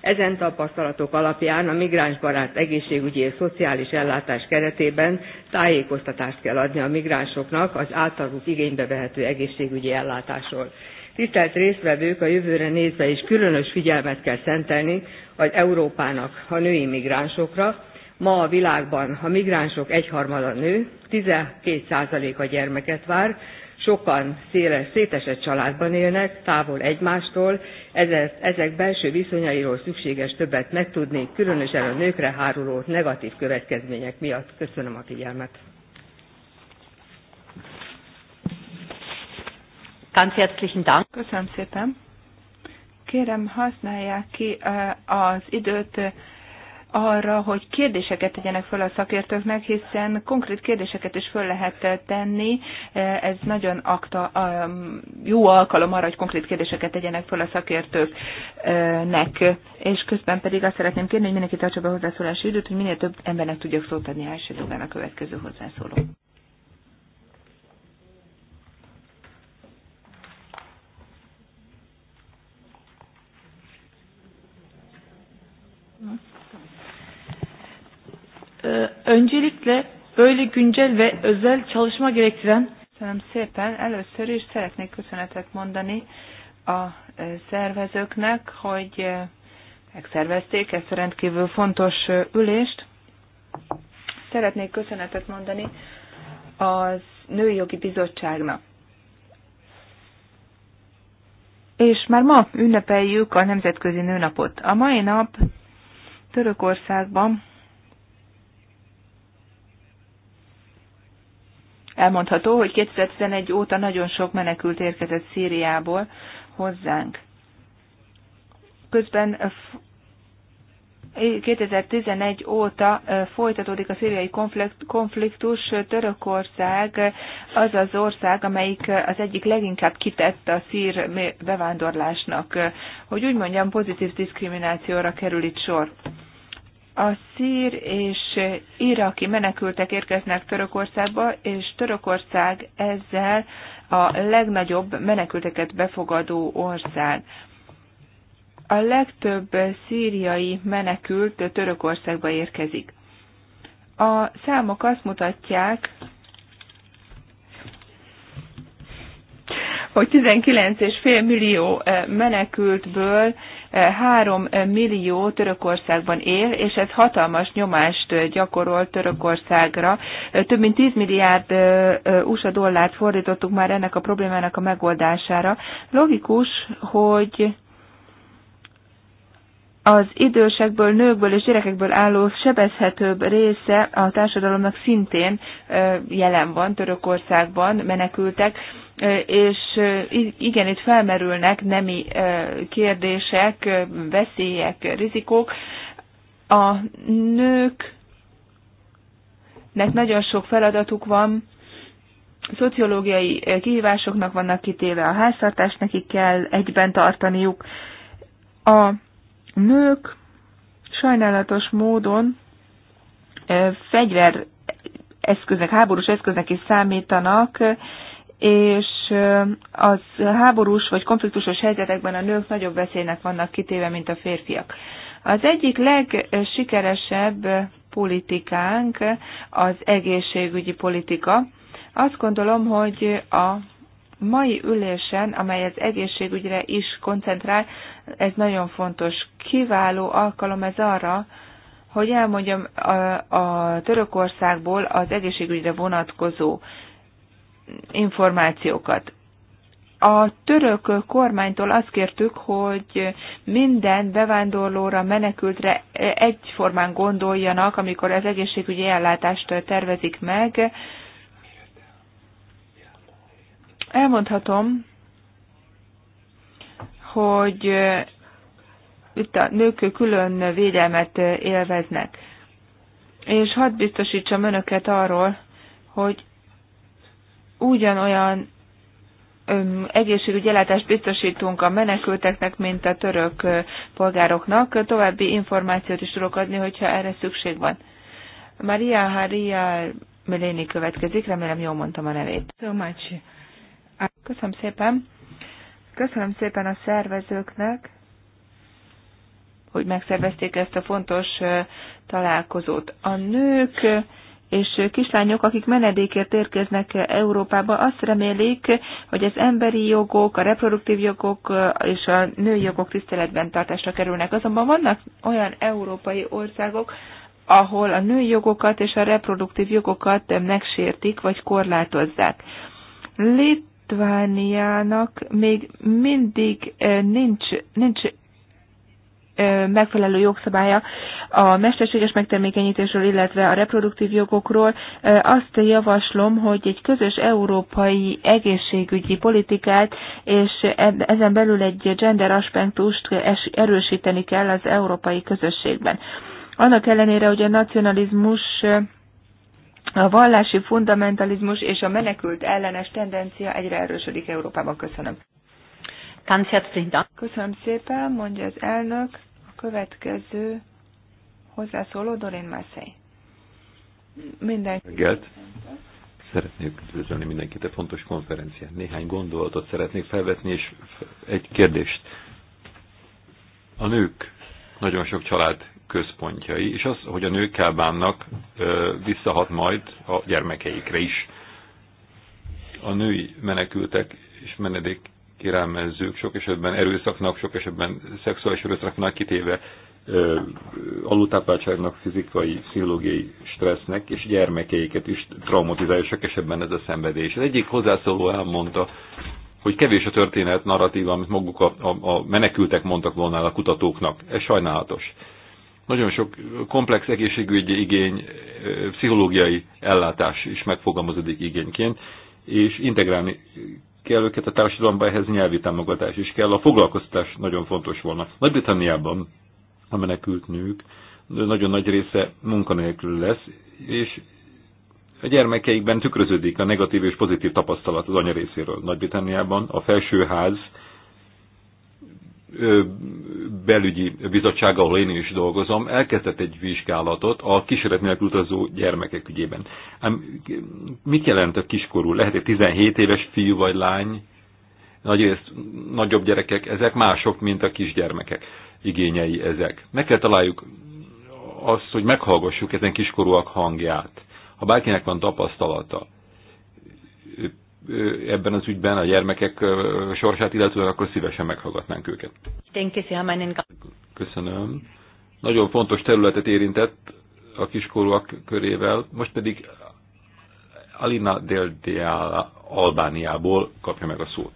Ezen tapasztalatok alapján a migránsbarát egészségügyi és szociális ellátás keretében tájékoztatást kell adni a migránsoknak az általuk igénybe vehető egészségügyi ellátásról. Tisztelt résztvevők, a jövőre nézve is különös figyelmet kell szentelni az Európának a női migránsokra. Ma a világban a migránsok egyharmada nő, 12% a gyermeket vár, sokan széles, szétesett családban élnek, távol egymástól, ezek, ezek belső viszonyairól szükséges többet megtudni, különösen a nőkre háruló negatív következmények miatt. Köszönöm a figyelmet. Köszönöm szépen. Kérem, használják ki az időt arra, hogy kérdéseket tegyenek föl a szakértőknek, hiszen konkrét kérdéseket is föl lehet tenni. Ez nagyon akta, jó alkalom arra, hogy konkrét kérdéseket tegyenek föl a szakértőknek. És közben pedig azt szeretném kérni, hogy mindenki tartsa be hozzászólási időt, hogy minél több embernek tudjak szót adni első a következő hozzászóló. Mm-hmm öncelikle böyle güncel ve özel çalışma gerektiren Sanırım szépen. Először is szeretnék köszönetet mondani a e, szervezőknek, hogy e, megszervezték ezt a rendkívül fontos e, ülést. Szeretnék köszönetet mondani az Nőjogi Bizottságnak. És már ma ünnepeljük a Nemzetközi Nőnapot. A mai nap Törökországban Elmondható, hogy 2011 óta nagyon sok menekült érkezett Szíriából hozzánk. Közben 2011 eh, óta eh, folytatódik a szíriai konfliktus. Eh, Törökország az az ország, amelyik az egyik leginkább kitett a szír bevándorlásnak. Hogy úgy mondjam, pozitív diszkriminációra kerül itt sor. A szír és iraki menekültek érkeznek Törökországba, és Törökország ezzel a legnagyobb menekülteket befogadó ország. A legtöbb szíriai menekült Törökországba érkezik. A számok azt mutatják, hogy 19,5 millió menekültből Három millió Törökországban él, és ez hatalmas nyomást gyakorol Törökországra. Több mint 10 milliárd USA dollárt fordítottuk már ennek a problémának a megoldására. Logikus, hogy az idősekből, nőkből és gyerekekből álló sebezhetőbb része a társadalomnak szintén jelen van Törökországban, menekültek és igen, itt felmerülnek nemi kérdések, veszélyek, rizikók. A nőknek nagyon sok feladatuk van, szociológiai kihívásoknak vannak kitéve, a háztartást nekik kell egyben tartaniuk. A nők sajnálatos módon fegyver eszköznek, háborús eszköznek is számítanak, és az háborús vagy konfliktusos helyzetekben a nők nagyobb veszélynek vannak kitéve, mint a férfiak. Az egyik legsikeresebb politikánk az egészségügyi politika. Azt gondolom, hogy a mai ülésen, amely az egészségügyre is koncentrál, ez nagyon fontos. Kiváló alkalom ez arra, hogy elmondjam a, a Törökországból az egészségügyre vonatkozó információkat. A török kormánytól azt kértük, hogy minden bevándorlóra, menekültre egyformán gondoljanak, amikor az egészségügyi ellátást tervezik meg. Elmondhatom, hogy itt a nők külön védelmet élveznek. És hadd biztosítsam önöket arról, hogy ugyanolyan egészségügyi ellátást biztosítunk a menekülteknek, mint a török polgároknak. További információt is tudok adni, hogyha erre szükség van. Maria Haria Meléni következik, remélem jól mondtam a nevét. So much. Köszönöm szépen. Köszönöm szépen a szervezőknek, hogy megszervezték ezt a fontos találkozót. A nők és kislányok, akik menedékért érkeznek Európába, azt remélik, hogy az emberi jogok, a reproduktív jogok és a női jogok tiszteletben tartásra kerülnek. Azonban vannak olyan európai országok, ahol a női jogokat és a reproduktív jogokat megsértik vagy korlátozzák. Litvániának még mindig eh, nincs, nincs megfelelő jogszabálya a mesterséges megtermékenyítésről, illetve a reproduktív jogokról. Azt javaslom, hogy egy közös európai egészségügyi politikát, és ezen belül egy gender aspektust erősíteni kell az európai közösségben. Annak ellenére, hogy a nacionalizmus a vallási fundamentalizmus és a menekült ellenes tendencia egyre erősödik Európában. Köszönöm. Köszönöm szépen, mondja az elnök következő hozzászóló Dorin Mászei. Minden. Reggelt. Szeretnék üdvözölni mindenkit a fontos konferencián. Néhány gondolatot szeretnék felvetni, és egy kérdést. A nők nagyon sok család központjai, és az, hogy a nők bánnak, visszahat majd a gyermekeikre is. A női menekültek és menedék kirámenzők, sok esetben erőszaknak, sok esetben szexuális erőszaknak kitéve alultápláltságnak, fizikai, pszichológiai stressznek, és gyermekeiket is traumatizálja sok esetben ez a szenvedés. Az egyik hozzászóló elmondta, hogy kevés a történet narratíva, amit maguk a, a, a menekültek mondtak volna a kutatóknak. Ez sajnálatos. Nagyon sok komplex egészségügyi igény, pszichológiai ellátás is megfogalmazódik igényként, és integrálni kell őket a társadalomba, ehhez nyelvi támogatás is kell. A foglalkoztatás nagyon fontos volna. Nagy-Britanniában a menekült nők nagyon nagy része munkanélkül lesz, és a gyermekeikben tükröződik a negatív és pozitív tapasztalat az anya részéről. Nagy-Britanniában a felsőház belügyi bizottság, ahol én is dolgozom, elkezdett egy vizsgálatot a kísérlet nélkül utazó gyermekek ügyében. Ám mit jelent a kiskorú? Lehet egy 17 éves fiú vagy lány, nagyrészt nagyobb gyerekek, ezek mások, mint a kisgyermekek igényei ezek. Meg kell találjuk azt, hogy meghallgassuk ezen kiskorúak hangját. Ha bárkinek van tapasztalata, ebben az ügyben, a gyermekek sorsát illetően, akkor szívesen meghallgatnánk őket. Köszönöm. Nagyon fontos területet érintett a kiskorúak körével, most pedig Alina Del Diala Albániából kapja meg a szót.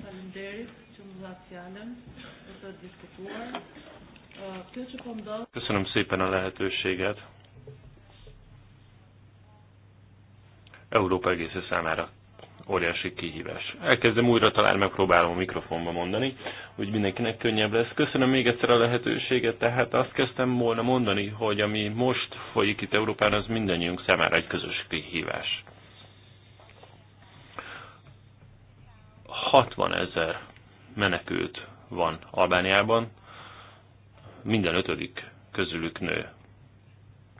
Faleminderit që më të diskutuar Köszönöm szépen a lehetőséget. Európa egész számára óriási kihívás. Elkezdem újra, talán megpróbálom a mikrofonba mondani, hogy mindenkinek könnyebb lesz. Köszönöm még egyszer a lehetőséget, tehát azt kezdtem volna mondani, hogy ami most folyik itt Európán, az mindannyiunk számára egy közös kihívás. 60 ezer menekült van Albániában, minden ötödik közülük nő.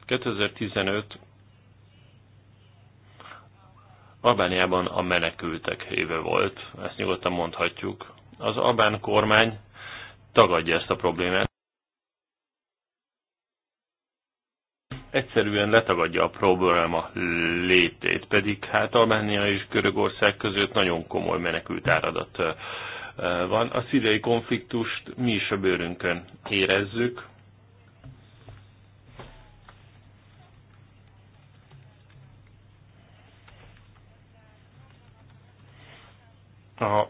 2015 Albániában a menekültek éve volt, ezt nyugodtan mondhatjuk. Az albán kormány tagadja ezt a problémát. Egyszerűen letagadja a probléma létét, pedig hát Albánia és Görögország között nagyon komoly menekült áradat van. A szíriai konfliktust mi is a bőrünkön érezzük. A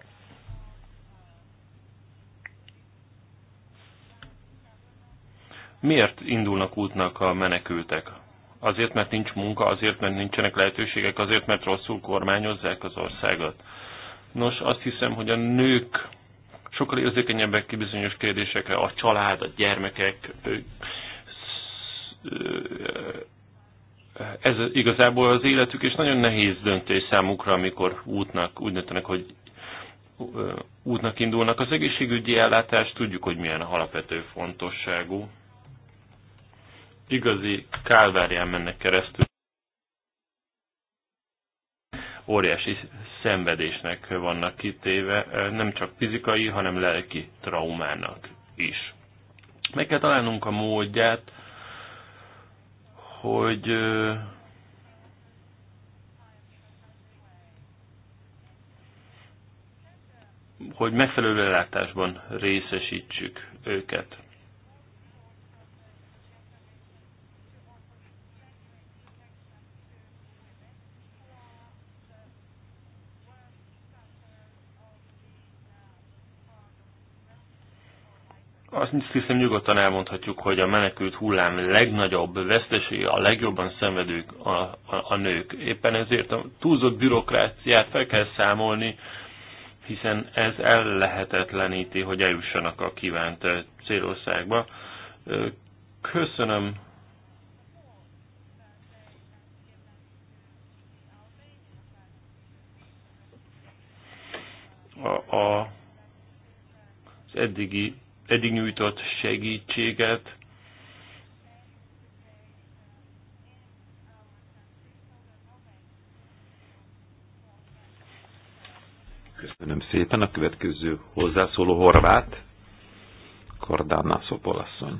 Miért indulnak útnak a menekültek? Azért, mert nincs munka, azért, mert nincsenek lehetőségek, azért, mert rosszul kormányozzák az országot. Nos, azt hiszem, hogy a nők sokkal érzékenyebbek ki bizonyos kérdésekre, a család, a gyermekek, ez igazából az életük, és nagyon nehéz döntés számukra, amikor útnak, úgy döntenek, hogy útnak indulnak. Az egészségügyi ellátást tudjuk, hogy milyen alapvető fontosságú. Igazi kálvárján mennek keresztül óriási szenvedésnek vannak kitéve, nem csak fizikai, hanem lelki traumának is. Meg kell találnunk a módját, hogy hogy megfelelő ellátásban részesítsük őket. Azt hiszem nyugodtan elmondhatjuk, hogy a menekült hullám legnagyobb vesztesei, a legjobban szenvedők a, a, a nők. Éppen ezért a túlzott bürokráciát fel kell számolni, hiszen ez ellehetetleníti, hogy eljussanak a kívánt célországba. Köszönöm a, a, az eddigi eddig nyújtott segítséget, Köszönöm szépen. A következő hozzászóló horvát, Kordána Szopolasszony.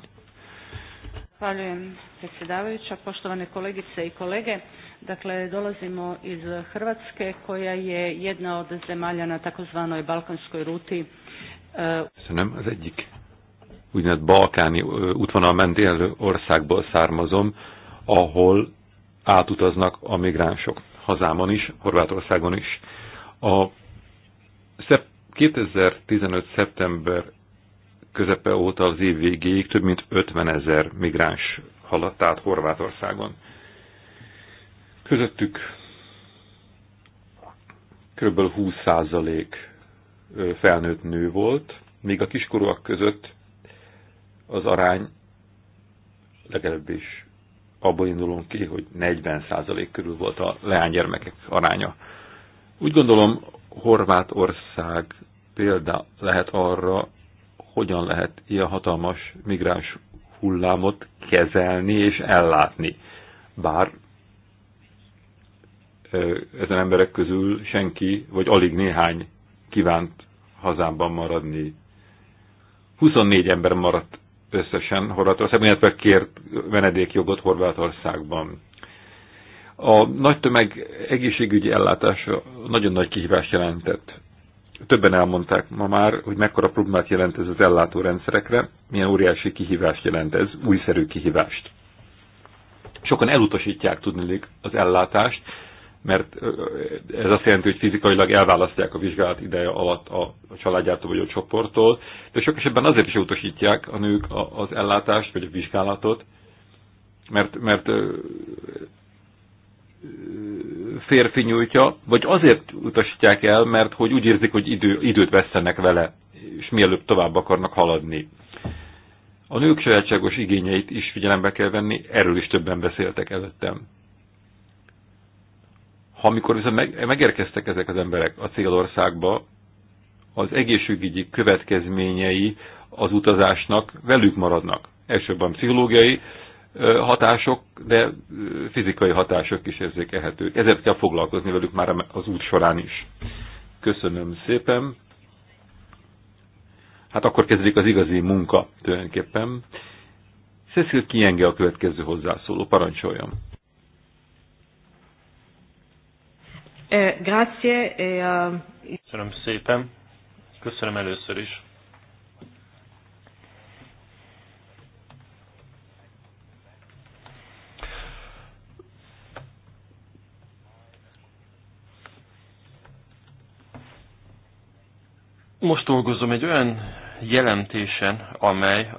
Zahvaljujem predsjedavajuća, poštovane kolegice i kolege. Dakle, dolazimo iz Hrvatske koja je jedna od zemalja na takozvanoj balkanskoj ruti. Köszönöm, az egyik úgynevezett balkáni útvonal mentén országból származom, ahol átutaznak a migránsok. Hazámon is, Horvátországon is. A 2015. szeptember közepe óta az év végéig több mint 50 ezer migráns haladt át Horvátországon. Közöttük kb. 20 felnőtt nő volt, még a kiskorúak között az arány, legalábbis abból indulunk ki, hogy 40% körül volt a leánygyermekek aránya. Úgy gondolom, Horvátország példa lehet arra, hogyan lehet ilyen hatalmas migráns hullámot kezelni és ellátni. Bár ezen emberek közül senki, vagy alig néhány kívánt hazámban maradni. 24 ember maradt összesen Horvátországban, illetve kért menedékjogot Horvátországban. A nagy tömeg egészségügyi ellátása nagyon nagy kihívást jelentett. Többen elmondták ma már, hogy mekkora problémát jelent ez az ellátórendszerekre, milyen óriási kihívást jelent ez, újszerű kihívást. Sokan elutasítják tudnilik az ellátást, mert ez azt jelenti, hogy fizikailag elválasztják a vizsgálat ideje alatt a családjától vagy a csoporttól, de sok esetben azért is utasítják a nők az ellátást vagy a vizsgálatot, mert, mert férfi nyújtja, vagy azért utasítják el, mert hogy úgy érzik, hogy idő, időt vesztenek vele, és mielőbb tovább akarnak haladni. A nők sajátságos igényeit is figyelembe kell venni, erről is többen beszéltek előttem ha amikor viszont meg, megérkeztek ezek az emberek a célországba, az egészségügyi következményei az utazásnak velük maradnak. Elsőbben pszichológiai hatások, de fizikai hatások is érzékelhetők. Ezért kell foglalkozni velük már az út során is. Köszönöm szépen. Hát akkor kezdődik az igazi munka tulajdonképpen. Cecil kienge a következő hozzászóló, Parancsoljam! Eh, grazie. E, eh, Köszönöm szépen. Köszönöm először is. Most dolgozom egy olyan jelentésen, amely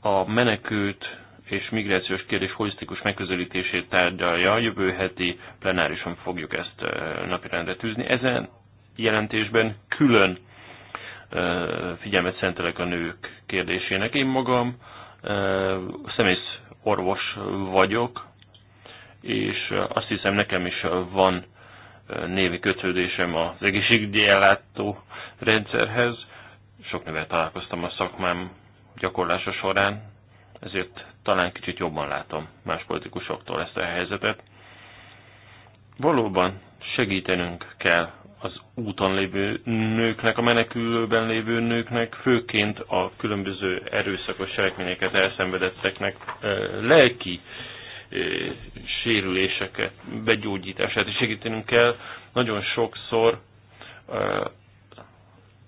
a menekült és migrációs kérdés holisztikus megközelítését tárgyalja. jövő heti plenárison fogjuk ezt napirendre tűzni. Ezen jelentésben külön figyelmet szentelek a nők kérdésének. Én magam személyes orvos vagyok, és azt hiszem nekem is van névi kötődésem az egészségügyi ellátó rendszerhez. Sok nővel találkoztam a szakmám gyakorlása során, ezért talán kicsit jobban látom más politikusoktól ezt a helyzetet. Valóban segítenünk kell az úton lévő nőknek, a menekülőben lévő nőknek, főként a különböző erőszakos cselekményeket elszenvedetteknek eh, lelki eh, sérüléseket, begyógyítását is segítenünk kell. Nagyon sokszor eh,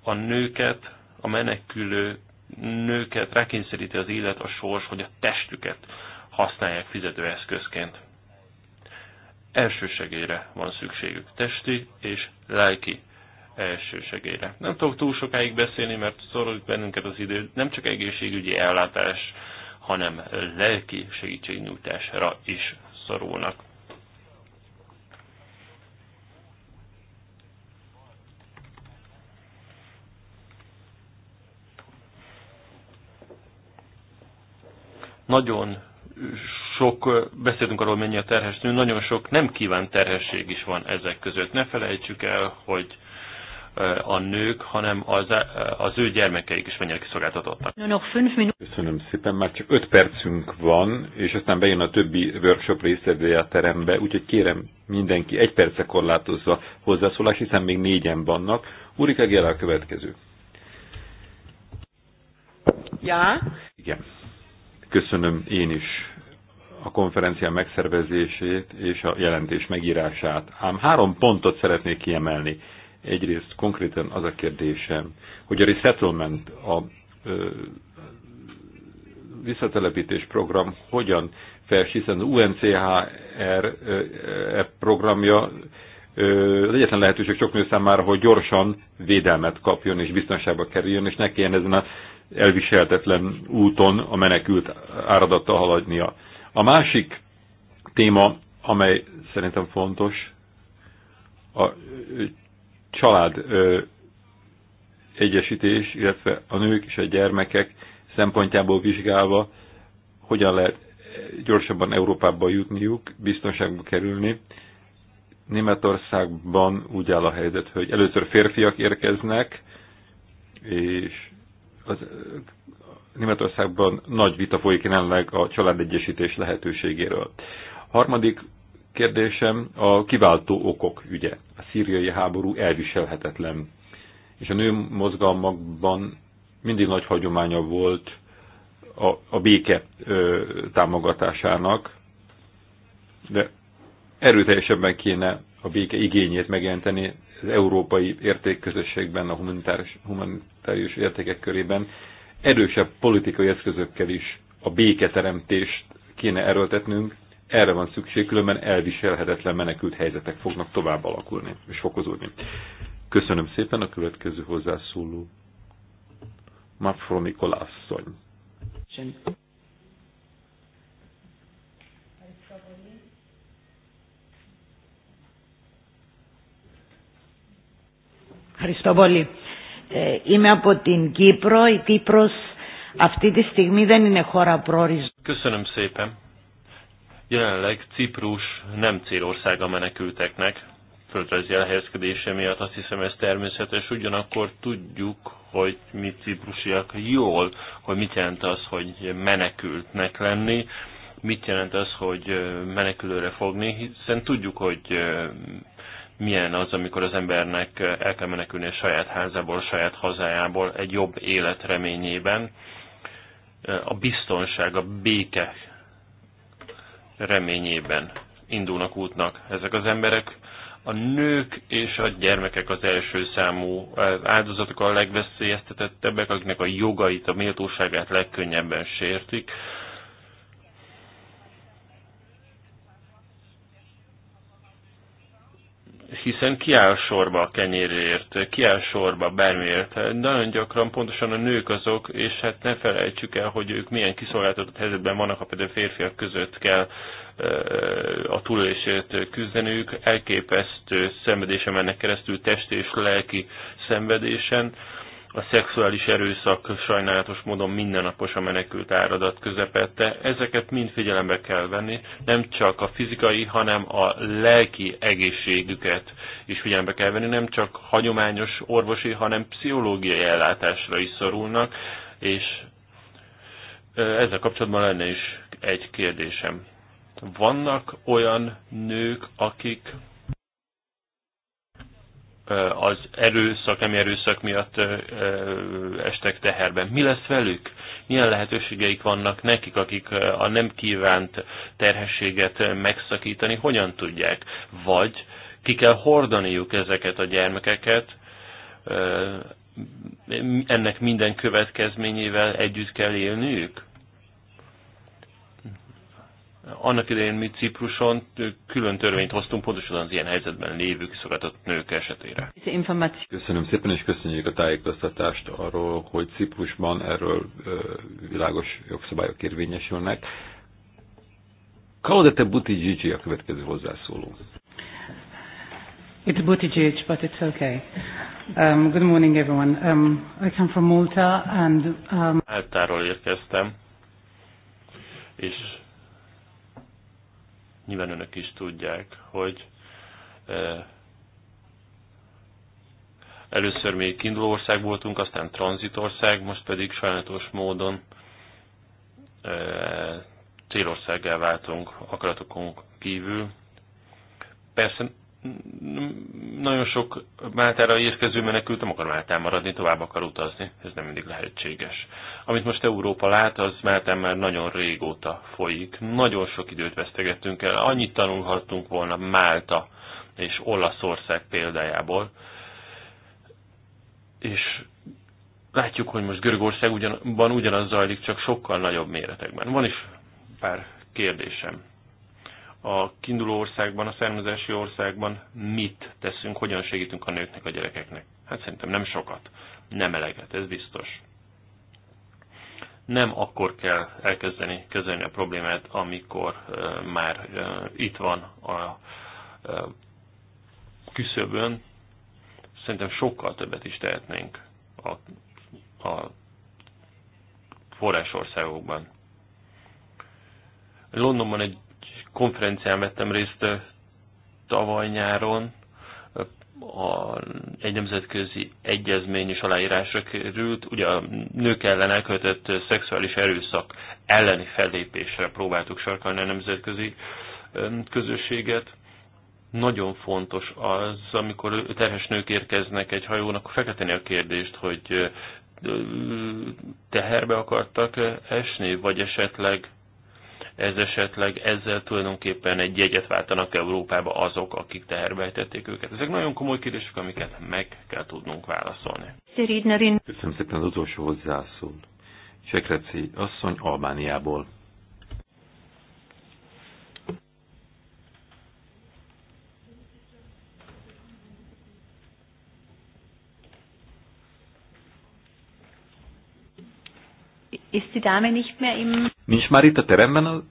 a nőket, a menekülő nőket rekényszeríti az élet a sors, hogy a testüket használják fizetőeszközként. Elsősegélyre van szükségük, testi és lelki elsősegélyre. Nem tudok túl sokáig beszélni, mert szorít bennünket az idő, nem csak egészségügyi ellátás, hanem lelki segítségnyújtásra is szorulnak. Nagyon sok, beszéltünk arról, mennyi a terhes nő, nagyon sok nem kívánt terhesség is van ezek között. Ne felejtsük el, hogy a nők, hanem az, az ő gyermekeik is mennyire kiszolgáltatottak. Köszönöm szépen, már csak 5 percünk van, és aztán bejön a többi workshop résztvevője a terembe, úgyhogy kérem mindenki egy perce korlátozza hozzászólás, hiszen még négyen vannak. Úrika Géla a következő. Ja. Igen. Köszönöm én is a konferencia megszervezését és a jelentés megírását. Ám három pontot szeretnék kiemelni. Egyrészt konkrétan az a kérdésem, hogy a resettlement, a ö, visszatelepítés program hogyan fels, hiszen az UNCHR ö, e programja az egyetlen lehetőség sok nő számára, hogy gyorsan védelmet kapjon és biztonságba kerüljön, és ne kelljen ezen a elviselhetetlen úton a menekült áradattal haladnia. A másik téma, amely szerintem fontos, a család egyesítés, illetve a nők és a gyermekek szempontjából vizsgálva, hogyan lehet gyorsabban Európába jutniuk, biztonságba kerülni. Németországban úgy áll a helyzet, hogy először férfiak érkeznek, és az Németországban nagy vita folyik jelenleg a családegyesítés lehetőségéről. Harmadik kérdésem a kiváltó okok ügye. A szíriai háború elviselhetetlen. És a nő mozgalmakban mindig nagy hagyománya volt a, a béke ö, támogatásának, de erőteljesebben kéne a béke igényét megjelenteni az európai értékközösségben, a humanitárius, értékek körében erősebb politikai eszközökkel is a béketeremtést kéne erőltetnünk, erre van szükség, különben elviselhetetlen menekült helyzetek fognak tovább alakulni és fokozódni. Köszönöm szépen a következő hozzászóló. Mafro Nikolászony. Ευχαριστώ πολύ. Ε, είμαι από την Κύπρο. Η Κύπρος αυτή τη στιγμή δεν είναι χώρα προορισμού. Köszönöm szépen. Jelenleg Ciprus nem célország a menekülteknek, földrajzi elhelyezkedése miatt azt hiszem ez természetes, ugyanakkor tudjuk, hogy mi ciprusiak jól, hogy mit jelent az, hogy menekültnek lenni, mit jelent az, hogy menekülőre fogni, hiszen tudjuk, hogy milyen az, amikor az embernek el kell menekülni a saját házából, a saját hazájából egy jobb élet reményében. A biztonság, a béke reményében indulnak útnak ezek az emberek. A nők és a gyermekek az első számú áldozatok a legveszélyeztetettebbek, akiknek a jogait, a méltóságát legkönnyebben sértik. hiszen kiáll sorba a kenyérért, kiáll sorba bármiért. Hát nagyon gyakran pontosan a nők azok, és hát ne felejtsük el, hogy ők milyen kiszolgáltatott helyzetben vannak, ha például férfiak között kell a túlélésért küzdenük, elképesztő szenvedésen mennek keresztül test és lelki szenvedésen, a szexuális erőszak sajnálatos módon mindennapos a menekült áradat közepette. Ezeket mind figyelembe kell venni, nem csak a fizikai, hanem a lelki egészségüket is figyelembe kell venni, nem csak hagyományos orvosi, hanem pszichológiai ellátásra is szorulnak, és ezzel kapcsolatban lenne is egy kérdésem. Vannak olyan nők, akik az erőszak, nem erőszak miatt estek teherben. Mi lesz velük? Milyen lehetőségeik vannak nekik, akik a nem kívánt terhességet megszakítani, hogyan tudják? Vagy ki kell hordaniuk ezeket a gyermekeket, ennek minden következményével együtt kell élniük? Annak idején mi Cipruson külön törvényt hoztunk pontosan az ilyen helyzetben lévő kiszolgáltatott nők esetére. Köszönöm szépen, és köszönjük a tájékoztatást arról, hogy Ciprusban erről világos jogszabályok érvényesülnek. Buti Gigi a következő hozzászóló. It's Buttigieg, but it's okay. Um, good morning, everyone. Um, I come from Malta, and... Um... Máltáról érkeztem, és Nyilván önök is tudják, hogy e, először még kiinduló ország voltunk, aztán tranzitország, most pedig sajnálatos módon e, célországgá váltunk akaratokon kívül. Persze nagyon sok Máltára érkező menekült nem akar Máltán maradni, tovább akar utazni. Ez nem mindig lehetséges. Amit most Európa lát, az Máltán már nagyon régóta folyik. Nagyon sok időt vesztegettünk el. Annyit tanulhattunk volna Málta és Olaszország példájából. És látjuk, hogy most Görögország ugyan, ugyanaz zajlik, csak sokkal nagyobb méretekben. Van is pár kérdésem a kiinduló országban, a származási országban mit teszünk, hogyan segítünk a nőknek, a gyerekeknek. Hát szerintem nem sokat, nem eleget, ez biztos. Nem akkor kell elkezdeni kezelni a problémát, amikor már itt van a küszöbön. Szerintem sokkal többet is tehetnénk a, a forrásországokban. Londonban egy konferencián vettem részt tavaly nyáron, a, egy nemzetközi egyezmény is aláírásra került, ugye a nők ellen elkövetett szexuális erőszak elleni fellépésre próbáltuk sarkalni a nemzetközi közösséget. Nagyon fontos az, amikor terhes nők érkeznek egy hajónak, feketeni a kérdést, hogy teherbe akartak esni, vagy esetleg ez esetleg ezzel tulajdonképpen egy jegyet váltanak Európába azok, akik teherbe őket. Ezek nagyon komoly kérdések, amiket meg kell tudnunk válaszolni. Köszönöm szépen az utolsó hozzászól. Sekreci asszony Albániából. Ist die Dame nicht mehr im... Nincs már itt a teremben az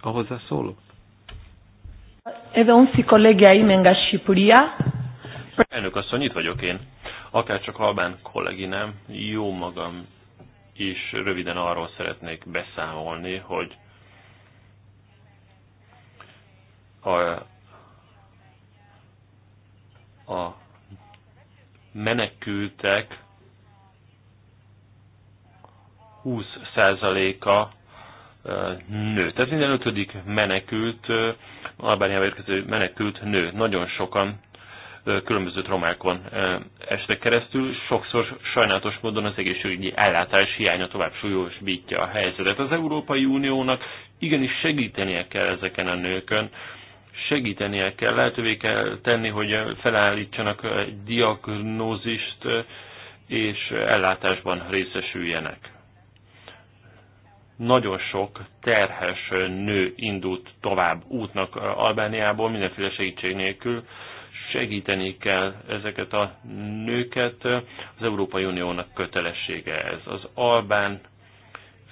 a hozzászóló? Evonsi kollégia Imengassipuria. Elnök asszony, itt vagyok én. csak Albán kolléginám, jó magam is röviden arról szeretnék beszámolni, hogy a, a menekültek 20%-a nő. Tehát minden ötödik menekült, Albániába érkező menekült nő. Nagyon sokan különböző traumákon estek keresztül. Sokszor sajnálatos módon az egészségügyi ellátás hiánya tovább súlyosbítja a helyzetet. Az Európai Uniónak igenis segítenie kell ezeken a nőkön, segítenie kell, lehetővé kell tenni, hogy felállítsanak egy diagnózist, és ellátásban részesüljenek nagyon sok terhes nő indult tovább útnak Albániából mindenféle segítség nélkül. Segíteni kell ezeket a nőket. Az Európai Uniónak kötelessége ez. Az albán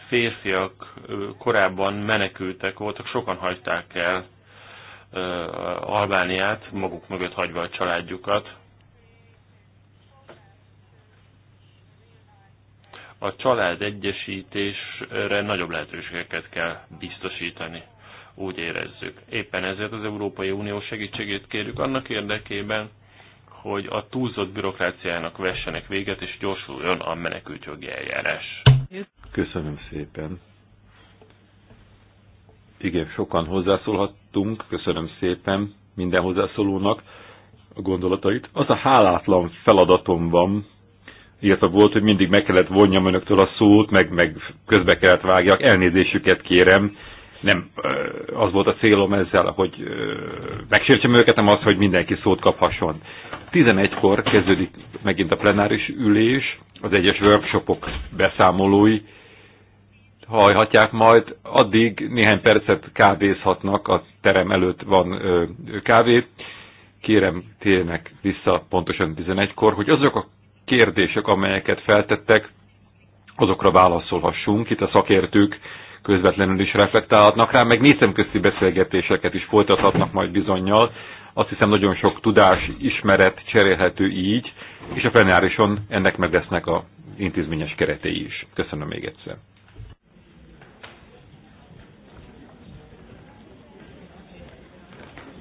férfiak korábban menekültek voltak, sokan hagyták el Albániát, maguk mögött hagyva a családjukat. a család egyesítésre nagyobb lehetőségeket kell biztosítani. Úgy érezzük. Éppen ezért az Európai Unió segítségét kérjük annak érdekében, hogy a túlzott bürokráciának vessenek véget, és gyorsuljon a menekültjogi eljárás. Köszönöm szépen. Igen, sokan hozzászólhattunk, köszönöm szépen minden hozzászólónak a gondolatait. Az a hálátlan feladatom van, írtak volt, hogy mindig meg kellett vonjam önöktől a szót, meg, meg közbe kellett vágjak, elnézésüket kérem. Nem az volt a célom ezzel, hogy megsértsem őket, nem az, hogy mindenki szót kaphasson. 11-kor kezdődik megint a plenáris ülés, az egyes workshopok beszámolói hajhatják majd, addig néhány percet kávézhatnak, a terem előtt van kávé. Kérem, térnek vissza pontosan 11-kor, hogy azok a kérdések, amelyeket feltettek, azokra válaszolhassunk. Itt a szakértők közvetlenül is reflektálhatnak rá, meg nézemközi beszélgetéseket is folytathatnak majd bizonyal. Azt hiszem nagyon sok tudás, ismeret cserélhető így, és a plenárison ennek meg lesznek a intézményes keretei is. Köszönöm még egyszer.